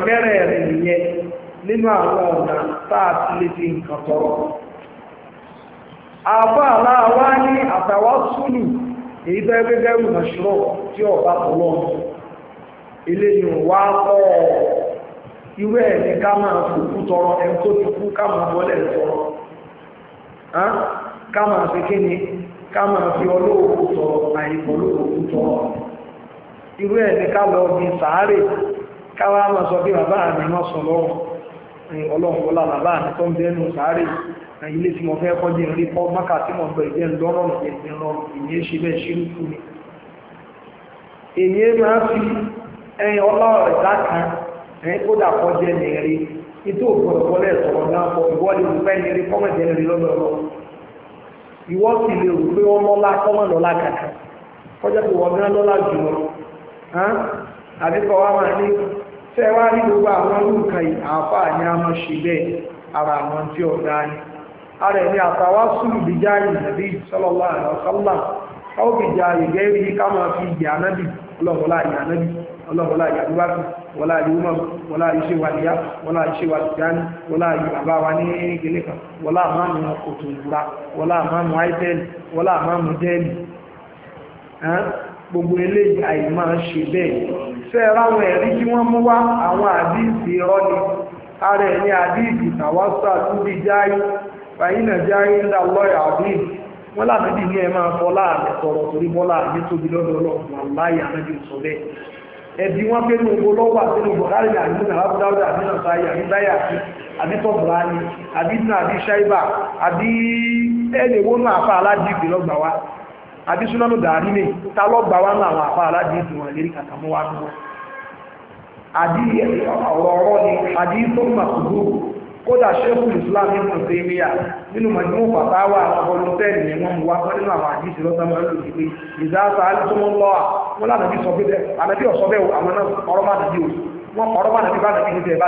nínú àwọn ọ̀nà táà ti lè abụọ nǹkan tọrọ. àbá aláwa ní èyí mọ̀ṣúrọ̀ tí kọ́ ọ irú ẹ̀ ká máa fòkú tọrọ ẹni tó ti kú ká máa wọlé tọrọ ká máa fi ká máa tọrọ tọrọ ká lọ bí sọ bí bàbá sọ lọ́wọ́. ọlọ́run wọlá bàbá mi tó ń bẹ́nu sáré ilé tí mo fẹ́ kọ́jú ìrìn pọ́ máka tí mo gbọ́ ìjẹ́ ńlọ́rọ̀ ìrìnlọ́ ìyẹn ṣe bẹ́ẹ̀ ṣe ń fún mi. èyí máa fi ẹyin ọlọ́rọ̀ ìdá kan ẹ̀yìn kódà kọjá nìyẹn ètò òpòlọpọlẹ sọ̀rọ̀ náà kọ ìwọ lè rò pé nìyẹn kọ́mọ̀ jẹ́ nìyẹn lọ́dọ̀ lọ ìwọ sì lè rò pé wọ́n àbíkọ̀ wa máa ní tẹ́ wá rí gbogbo àwọn olùkà àfà ní a máa ṣe bẹ́ẹ̀ ara àwọn tí ó dá ní ara ẹni àtàwá sùn bíjá ìrìnàbí sọlọ́lá àlọ́sọ́lá káwọ́ bíjá ìgẹ́rí ká máa fi ìyà anábì ọlọ́wọ́lá ìyà anábì ọlọ́wọ́lá gbogbo eléyìí àìmọ́ ṣe bẹ́ẹ̀ fẹ́ ráwọn ẹ̀rí tí wọ́n mú wá àwọn àdíìsì rọ́ni ara ẹ̀ ní àdíìsì tàwásà túbí jáì fàyínà jáì ńlá lọ́yà àdíì wọ́n lábẹ́bí ní ẹ máa fọ́ láàrin sọ̀rọ̀ torí bọ́lá àmì tóbi lọ́dọ̀ ọlọ́run àláyà lẹ́bí sọ bẹ́ẹ̀ ẹbí wọn pé nínú olówó àti nínú bọ̀kárì ní àdínú náà lábúdáwọ́dà àti náà sáyé àbí súnánù dàrí ní ta lọ gbà wá ní àwọn àpá aládìsí wọn lérí kàkà mú wá lọ́wọ́ àdíyẹ ọ̀rọ̀ ọ̀rọ̀ ni àdíyí tó màkúrú kódà ṣẹ́kù Islam nínú tèmíyà nínú mọ̀júmọ́ fàtàwà àwọn volunteer ni wọ́n mú wá wọ́n nínú àwọn àdíyí lọ́sàn máa ń lò wípé ìzáàsà alítúmọ̀ lọ́wà wọ́n lánàbí sọ pé bẹ́ẹ̀ ànàbí ọ̀sọ́ bẹ́ẹ̀ àwọn náà ọ̀rọ̀ máa nàbí òsì wọ́n ọ̀rọ̀ máa nàbí bá nàbí ní bá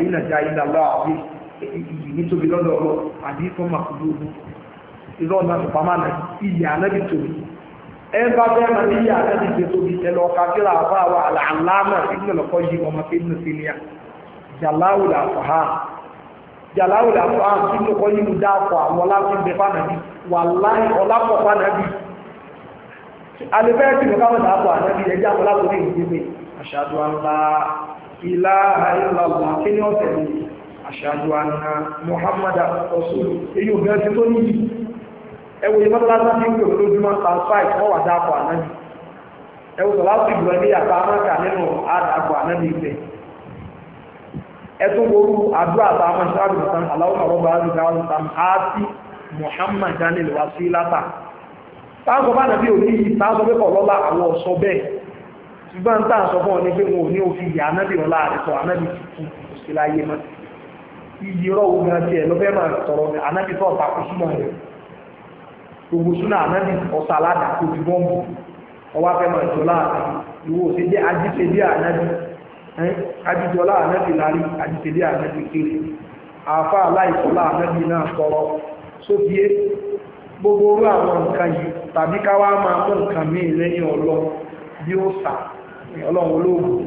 ti já ilà lọ́wọ́ iyì nítorí lọ́dọ̀ ọlọ́ àdìsọ́ màkúdúró irọ́ náà pàmò àná iyì ànábì tóbi ẹ bá bẹ́ẹ̀ máa ní iyì ànábì tó tóbi ẹ lọ ka kíra àbá wa àlàámà ìgbìmọ̀ lọ́kọ́ yìí ọmọ kébìnú sílíà jàláwù làfàá jàláwù làfàá ìgbìmọ̀ lọ́kọ́ yìí dáàpọ̀ àwọn láti bẹ fànàbí wàláì ọlápọ̀ fànàbí
alẹ́fẹ́ tí mo káwọn dáàpọ̀ ànábì
ẹjẹ́ àwọn láti ní ìdíje àṣàdùn àlá ìlà àìlọ́lá kí ni ọ̀sẹ̀ yìí aṣáájú àná muhammadu rasulu èyí ò bẹ́ẹ̀ tí tó níyì ẹwọ ìbá lásán ní ìwé olójúmọ́ transfive wọ́n wà dáàbò ànábì ẹwọ sọ̀rọ̀ láti ìgbìmọ̀ ní àbá amáka nínú àdàbò ànábì ìfẹ́ ẹtún wọ́rú àdúrà àbá amáka àdùnsán aláwọ̀ ọ̀rọ̀bà àdùnsán àdùnsán àti muhammadu anil wasilata táàsọ̀ bá nàbí òní yìí táàsọ̀ pé kọ̀lọ́lá àwọn ọ̀sọ́ bẹ́ẹ̀ ṣùgbọ́n táàsọ̀ fún ọ ní pé wọn ò ní òfin ìyá ànábì ọ̀la àdìsọ ànábì tuntun kò sí láyé mọ́tì iye ọ̀rọ̀ ogun àti ẹ̀ lọ́fẹ́ máa sọ̀rọ̀ anábì tó ọ̀tà kó súnmọ́ rẹ̀ gbogbo súnà anábì ọ̀tà aládà kó ti bọ́ọ̀mù ọwọ́ afẹ́ máa jọ láàbì ìwọ jẹ́ kéré àáfà aláìsọ̀lá náà gbogbo orú àwọn nǹkan yìí tàbí máa mú nǹkan míì lẹ́yìn ọlọ bí ó sà ọlọ́run olóògùn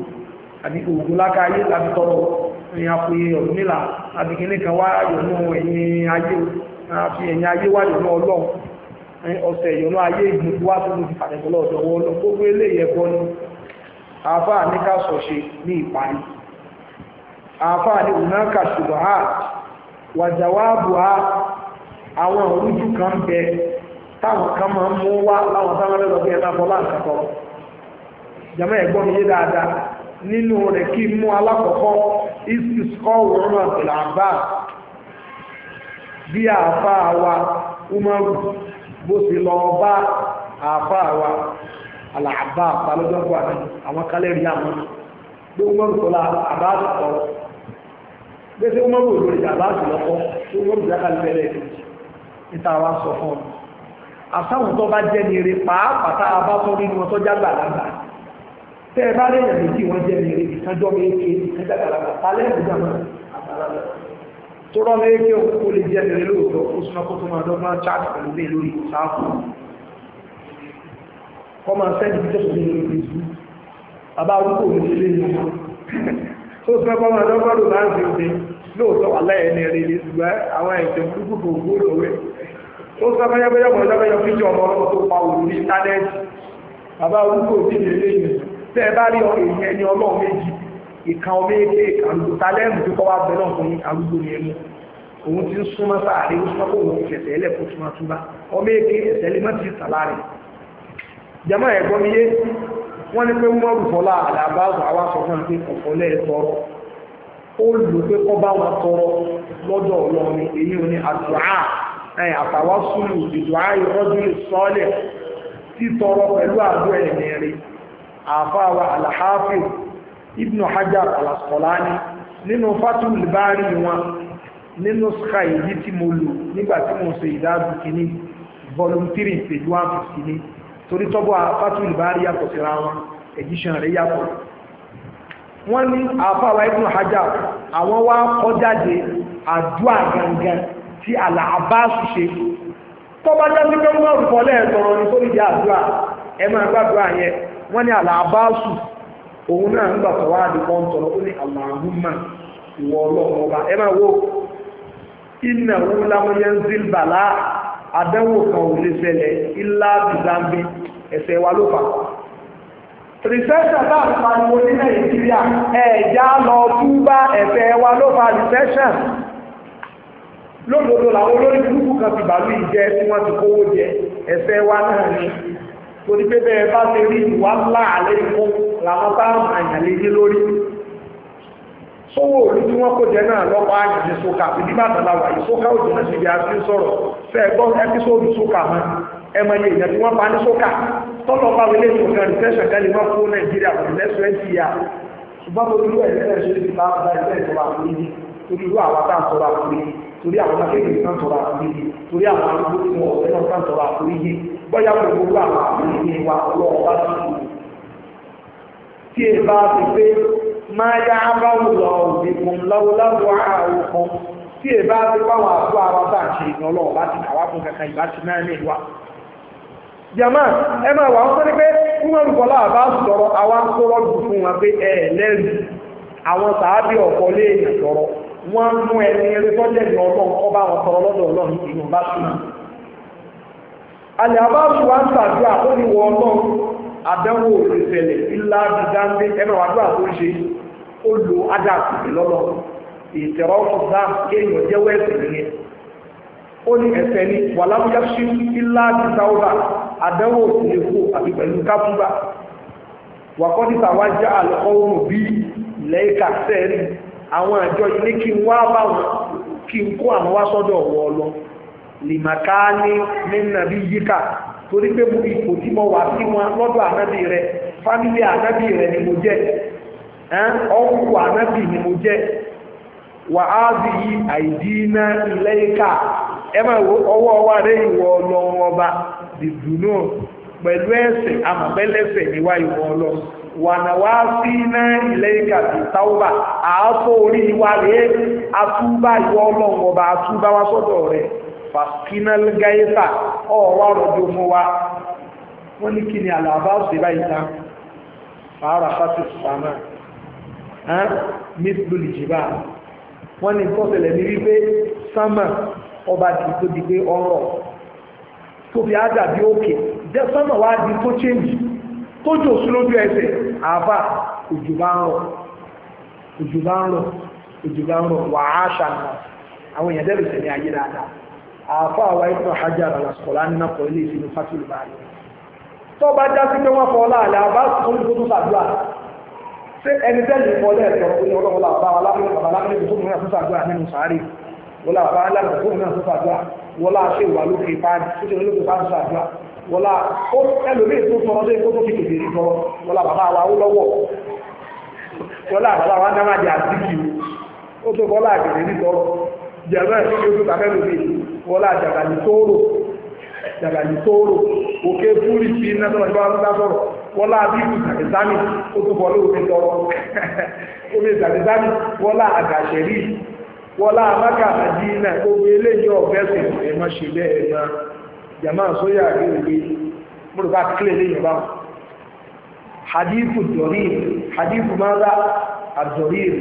àbí òògùn lákàáyé tàbí tọrọ èèyàn pé òmìnira àbí kìíní kan wá yòónú ẹ̀yìn ayé ayé wá yòónú ọlọ́run ọ̀sẹ̀ ayé ìgbìmọ̀ wá tó ló fi gbogbo ni àáfà ní ká sọ ṣe ní ìparí àáfà ní ṣùgbọ́n àwọn kan bẹ táwọn kan máa mú wá láwọn nínú rẹ̀ kí mú alákọ̀ọ́kọ́ iskisọ́ wọ́n àtìlà àbá bí àfá wa umaru bó sì lọ bá àfá wa alàbá àpàlójọ́gbà àwọn kálẹ̀rí àwọn bí umaru tọ́lá àbá sọ̀rọ̀ bí ṣe umaru olórí àbá sì lọ́kọ́ tí umaru jákàlẹ̀ bẹ̀rẹ̀ níta wa sọ fún ọ àsáwùtọ́ bá jẹ́ ní eré pàápàá tá a bá sọ nínú ọtọ́jà gbà tẹ́ ẹ bá rí èèyàn méjì wọ́n jẹ́ mèrè ìkájọ́ méje ìkájọ́ àgbàlagbà alẹ́ ìgbà máa àgbàlagbà tó rọ́ méje lè máa mi lórí ìsáàfù máa sẹ́ni bí tẹ̀sán mi lórí ìsú bàbá arúgbó mi ti lé máa lò fi tẹ́ ẹ bá rí èyí ẹni ọlọ́run méjì ìkan ọmọ èké ìkan ló ta lẹ́nu tó kọ́ wá bẹ náà fún arúgbó ni ẹnu òun ti ń súnmọ́ sáàrí ó súnmọ́ kóun ti fẹ̀sẹ̀ ẹlẹ́ kó súnmọ́ túbá ọmọ èké ẹ̀sẹ̀ lè má ti tàlá rẹ̀ jama ẹ̀gbọ́n mi yé wọ́n ní pé wọ́n rù fọlá àdàbà àwa sọ fún mi pé ọ̀fọ́ lẹ́ẹ̀ ó lò pé kọ́ àfáwà alhafiz ibnu hajar alaskolani nínú fatul bari wọn nínú sky yìí tí mo lò nígbà tí mo ṣe ìdájú kìíní volume three page one fifty ní torí tọ́bọ̀ fatul bari yàtọ̀ síra wọn edition rẹ̀ yàtọ̀ wọ́n ní àfáwà ibnu hajar àwọn wá kọjáde àdúrà gangan tí alàbáṣu ṣe tọ́bájá sí pé wọ́n rúkọ lẹ́ẹ̀tọ̀rọ̀ nítorí máa gbàdúrà yẹn wọ́n ní àlàbáṣù òun náà ń gbà tọ́wọ́ àdìpọ̀ ń tọrọ ó ní àlàhùnmá ìwọ ọlọ́run ọba ẹ máa wo iná wú lámúyẹ́ ń zil bàlá àdánwò kan ò lè ṣẹlẹ̀ ilá bìzàmbì ẹ̀sẹ̀ wa ló fà. rìsẹ́ṣọ̀n bá pariwo ní nàìjíríà ẹ̀ẹ́dá lọ túbá ẹ̀sẹ̀ wa ló fà rìsẹ́ṣọ̀n lódodo làwọn olórí burúkú kan ti bàlú ìjẹ tí wọ́n ti kówó jẹ ẹ̀sẹ̀ wa náà ni torí pé bẹ́ẹ̀ bá ti rí ìwà ńlá àlẹ́ ìkó làwọn bá àyàn lè yé lórí sówó òní tí wọ́n kó jẹ náà lọ́pọ̀ àjèjì sókà ìdí bàtà làwà yìí sókà òjò náà ṣèjì àti sọ̀rọ̀ fẹ́ gbọ́ ẹ́písòdù sókà mọ́ ẹmọ yìí èèyàn tí wọ́n pa ní sókà tọ́lọ̀ bá wọlé ìwọ̀n kan rìfẹ́ṣọ̀ kan lè má fún nàìjíríà for the next twenty years ṣùgbọ́n mo dúró ẹ̀rí fẹ́ bóyá gbogbo àwọn àmì ìwà ọlọ́wọ́ bá ti wù tí ẹ bá ti pé máa yá abáwò lọ òdìkùn lọ́wọ́lọ́wọ́ àrùn kan tí ẹ bá ti báwọn àbúrò àwọn bá ṣe ìyàn bá ti kàwá fún kankan ìbá ti náà ní jama ẹ máa wà pé fún àbá sọ̀rọ̀ fún wa pé ẹ lẹ́rù àwọn sàábì lé ọba àwọn sọ̀rọ̀ lọ́dọ̀ ọlọ́run alẹ́ abáàbù wa ń tàbí àkóníwọ̀ ọlọ́run àdánwò ìṣẹ̀lẹ̀ ńlá dídáńdé ẹnu àdúrà tó ṣe ó lo adáàkùnrin lọ́lọ́ ìtẹ̀rọ ọ̀gá kéèyàn jẹ́wọ́ ẹ̀sìn nìyẹn ó ní ẹ̀sẹ̀ ni wàlámúyá sí ńlá dídáwọ́bà àdánwò ìṣẹ̀lẹ̀ kó àti pẹ̀lú kápúbà wàkọ́dìtà wá já àlọ́kọ́rùn bí lẹ́ẹ̀ka sẹ́ẹ̀rì àwọn àjọ ilé kí n wá bá kí n kó àwọn wá sọ́dọ̀ ọ̀wọ́ ọlọ́run lìmàkáání ní nàbí yíká torí pé mo ipò tí mo wà sí wọn lọ́dọ̀ ànábì rẹ ànábì rẹ ni mo jẹ́ ọ̀hún ànábì ni mo jẹ́ wà á sì yí àìdínà ilé ìka ẹ máa wo ọwọ́ wa rẹ ìwọ ọlọ́run ọba dìdùnú pẹ̀lú ẹsẹ̀ amọ̀bẹ́lẹ́sẹ̀ níwá ìwọ ọlọ́run wá sí ilé ìka táwọ́bà orí wa rèé atúbà ìwọ ọlọ́run ọba atúbà wá fàkínàl gáyífà ọ̀wá rọ̀jò fún wa wọ́n ní kí ni àlàbá ṣe báyìí tán fàárà fásitì sàmà mítúlù jìbá wọ́n ní kọ́sẹ̀lẹ̀ ní wípé sámà ọba dìbò tó di pé ọ̀rọ̀ tó fi ájà bí òkè jẹ́ sámà wá di tó chéǹjì tó jò sí lójú ẹsẹ̀ àbá òjò bá ń rọ̀ òjò bá àwọn èèyàn dẹ́rù sẹ́ni ayé dáadáa àfọ́ àwa ìtàn hajar alasọ̀lá nínú ọkọ̀ ilé ìsinmi fásitì báyìí tó bá já sí pé wọ́n fọ́ láàlẹ́ àbá olùkó tó sàdúrà ṣé ẹni tẹ́lẹ̀ ìfọ́ lẹ́ẹ̀tọ́ ní ọlọ́wọ́lá bá alámìlẹ̀ bàbá alámìlẹ̀ tó múra tó sàdúrà nínú sàárè wọ́n lá bá alámìlẹ̀ tó múra tó sàdúrà wọ́n lá ṣe ìwà lókè páàdì tó ṣe lókè páàdì sàdúrà wọ́n lá ó ẹlòmíì tó tọrọ lé jẹ̀rọ ẹ̀ tó tó tàbẹ́ lómi wọ́lá jàgàlì tóóró jàgàlì tóóró òkè fúrì sí iná tó lọ́jọ́ bá sọ̀rọ̀ wọ́lá bíbù sàkìsámì ó tún bọ́lá (laughs) omi tọrọ omi sàkìsámì wọ́lá àgàṣẹ̀rí wọ́lá amáka àdínà gbogbo eléyìí ọ̀gbẹ́sìn ẹ̀ má ṣe bẹ́ẹ̀ ẹ̀ má jàmá sóyà rí ìwé múlùbá kílè léyìn báwọn hadithu dorir hadithu mada adorir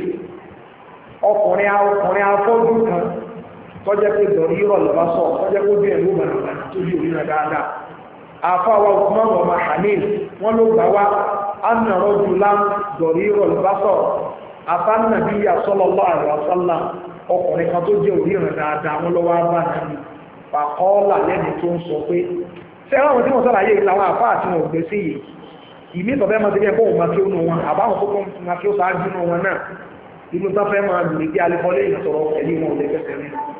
ọkùnrin ọkùnrin afọ́jú kan tọ́jẹ́ pé dọ̀rí rọ̀ lọ́ba sọ tọ́jẹ́ pé bí ẹ̀rú màrà tó yí òmìnira dáadáa àfa wa kuma wọn ma hamil wọn ló gbà wá anna rọjùlá dọ̀rí rọ̀ lọ́ba sọ àfa nàbí yà sọlọ lọ àrùn àsálà ọkùnrin kan tó jẹ́ òmìnira dáadáa wọn lọ́wọ́ bá nàbí pàkọ́ọ́là lẹ́ni tó ń sọ pé sẹ́wọ́n àwọn tí wọ́n sàlàyé làwọn àfa àti wọn ò gbé sí yìí ìmí ìtọ́fẹ́ máa ti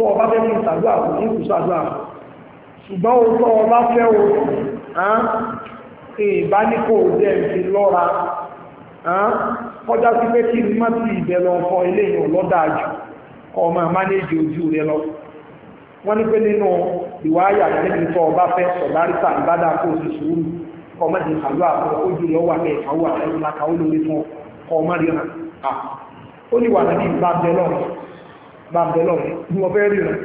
tó ọba fẹ́ kí n ṣàdúrà kò ní kù ṣùgbọ́n o tó ọba fẹ́ o ìbá ní kò jẹ́ ìfi lọ́ra kọjá sí pé kí n má ti ìbẹ̀ lọ fọ eléyìí ọlọ́dà jù kọ́ ọmọ àmánéjì ojú rẹ lọ wọ́n ní pé nínú ìwà àyà níbi tó ọba fẹ́ sọ̀dáríta ìbádà kó o sì sùúrù kọ́ ọmọ ti ṣàdúrà fún ojú rẹ wà ní ìfàwọ́ àtẹ́yìn lákàá ó lórí fún ọmọ rí hàn ó ní wà níbi ìbá bá ń bẹ lọ bí wọn fẹ́ ríran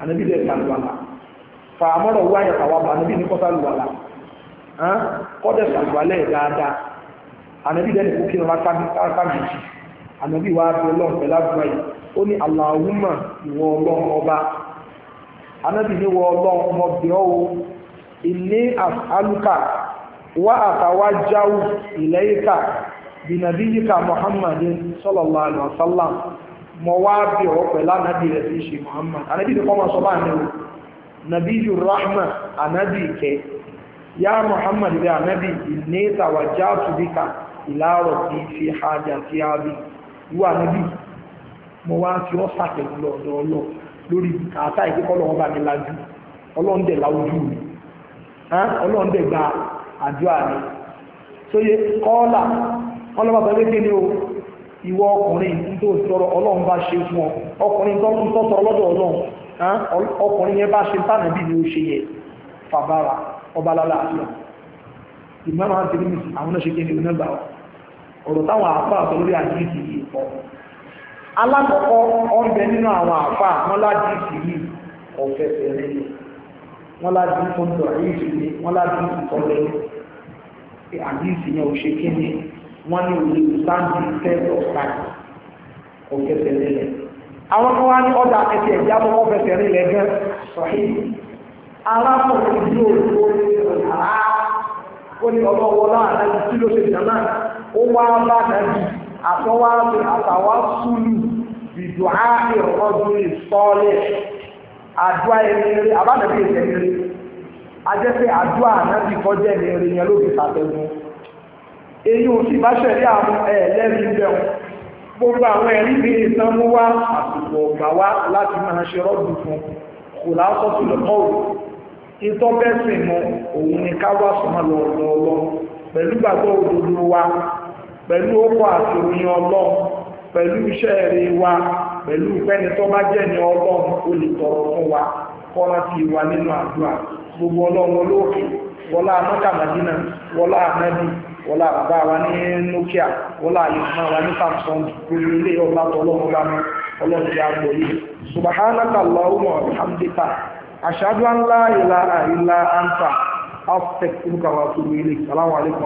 ànábì dẹ̀ ṣàlùwàlà fà àmọ́rọ̀ wáyà tàwábà ànábì ní kọ́sà lùwàlà kọ́dẹ̀ ṣàlùwàlẹ̀ dáadáa ànábì dẹ̀ nìkú kí lọ́la kábíyèsí ànábì wá bẹ lọ pẹ̀lú Allahumma o ilé Muhammadin sallallahu alaihi mọ̀ wá bí ọ̀ pẹ̀lú ànábì rẹ̀ sí ṣe Muhammad ànábì ti kọ́ máa sọ báyìí o nàbí yù rahma ànábì ìkẹ́ yá Muhammad rẹ̀ ànábì ìní tàwájá tùbíkà ìlàrọ̀ tí fi hajà sí àbí ìwà ànábì mọ̀ wá fi ọ́ sàkẹ́lú lọ́dọ̀ ọlọ́ lórí kàtà ìdíkọ́ lọ́wọ́ bá mi lajú ìwọ ọkùnrin tó sọ̀rọ̀ ọlọ́run bá ṣe fún ọ ọkùnrin tó ń tọ́sọ ọlọ́dọ̀ ọlọ́run ọkùnrin yẹn bá ṣe tánà bí ni ó ṣe yẹ fàbára ọba lálá àfihàn ìmọ̀ràn àti mímì àwọn náà ṣe kí ni ò náà gbà ọ ọ̀rọ̀ táwọn àáfà sọ lórí àdìsí yìí pọ̀ alákọ̀ọ́kọ́ ọ̀nbẹ nínú àwọn àáfà wọn ládìsí yìí ọ̀fẹ́ fẹ́rẹ́ ni wọn ládìsí tó ń dọ̀ àdìsí ni wọn ládìsí tó ń lẹ́yìn àdìsí yẹn ò ṣe kí ni wọ́n ní òye sáǹtì tẹ́lọ̀ káàkiri kò kẹsẹ̀ nílẹ̀ àwọn kan wá ní ọ̀dà ẹsẹ̀ ẹ̀já mọ́ wọ́n fẹsẹ̀ nílẹ̀ gan sọ̀hìn alákùnrin yóò tó ní ọ̀dà ó ní ọmọ wọlá àdájú tí ló ṣe jàmá ó wá bá dájú àtọwá sí àtàwá súlù bìdùá ìrọ̀jú ìsọ́lẹ̀ àdúrà ẹ̀rẹ́rẹ́ àbádàbí ìṣẹ̀lẹ̀ ajẹ́sẹ̀ àdúrà náà ti kọjá ẹ̀rẹ́rẹ́ yẹn ló fi ṣàtẹ̀gùn èyí ò sì bá ṣẹ̀rí àwọn ẹ̀ẹ́lẹ́rìí bẹ̀rù gbogbo àwọn ẹ̀rí bí ìtàn mú wá àsìkò ọ̀gbà wá láti máa ṣe rọ́ọ̀dù fún kò láàkọ́ sí lọ́kọ́ òru ìtọ́ bẹ́sìn mu òun ni ká wá sọmọ lọ pẹ̀lú gbàgbọ́ òdodo wa pẹ̀lú ọkọ̀ àti òyìn ọlọ́ pẹ̀lú iṣẹ́ wa pẹ̀lú pẹ́ni tó bá jẹ́ ní ọlọ́run wa gbogbo wọ́n là bàbá wa ní Nokia wọ́n là yìí fún wa ní Samsung lórí ilé ọba tó ọlọ́run bá mi yìí subhanaka allahumma wa
bihamdika ashhadu an la ilaha illa anta astaghfiruka wa atubu ilayk salamu alaykum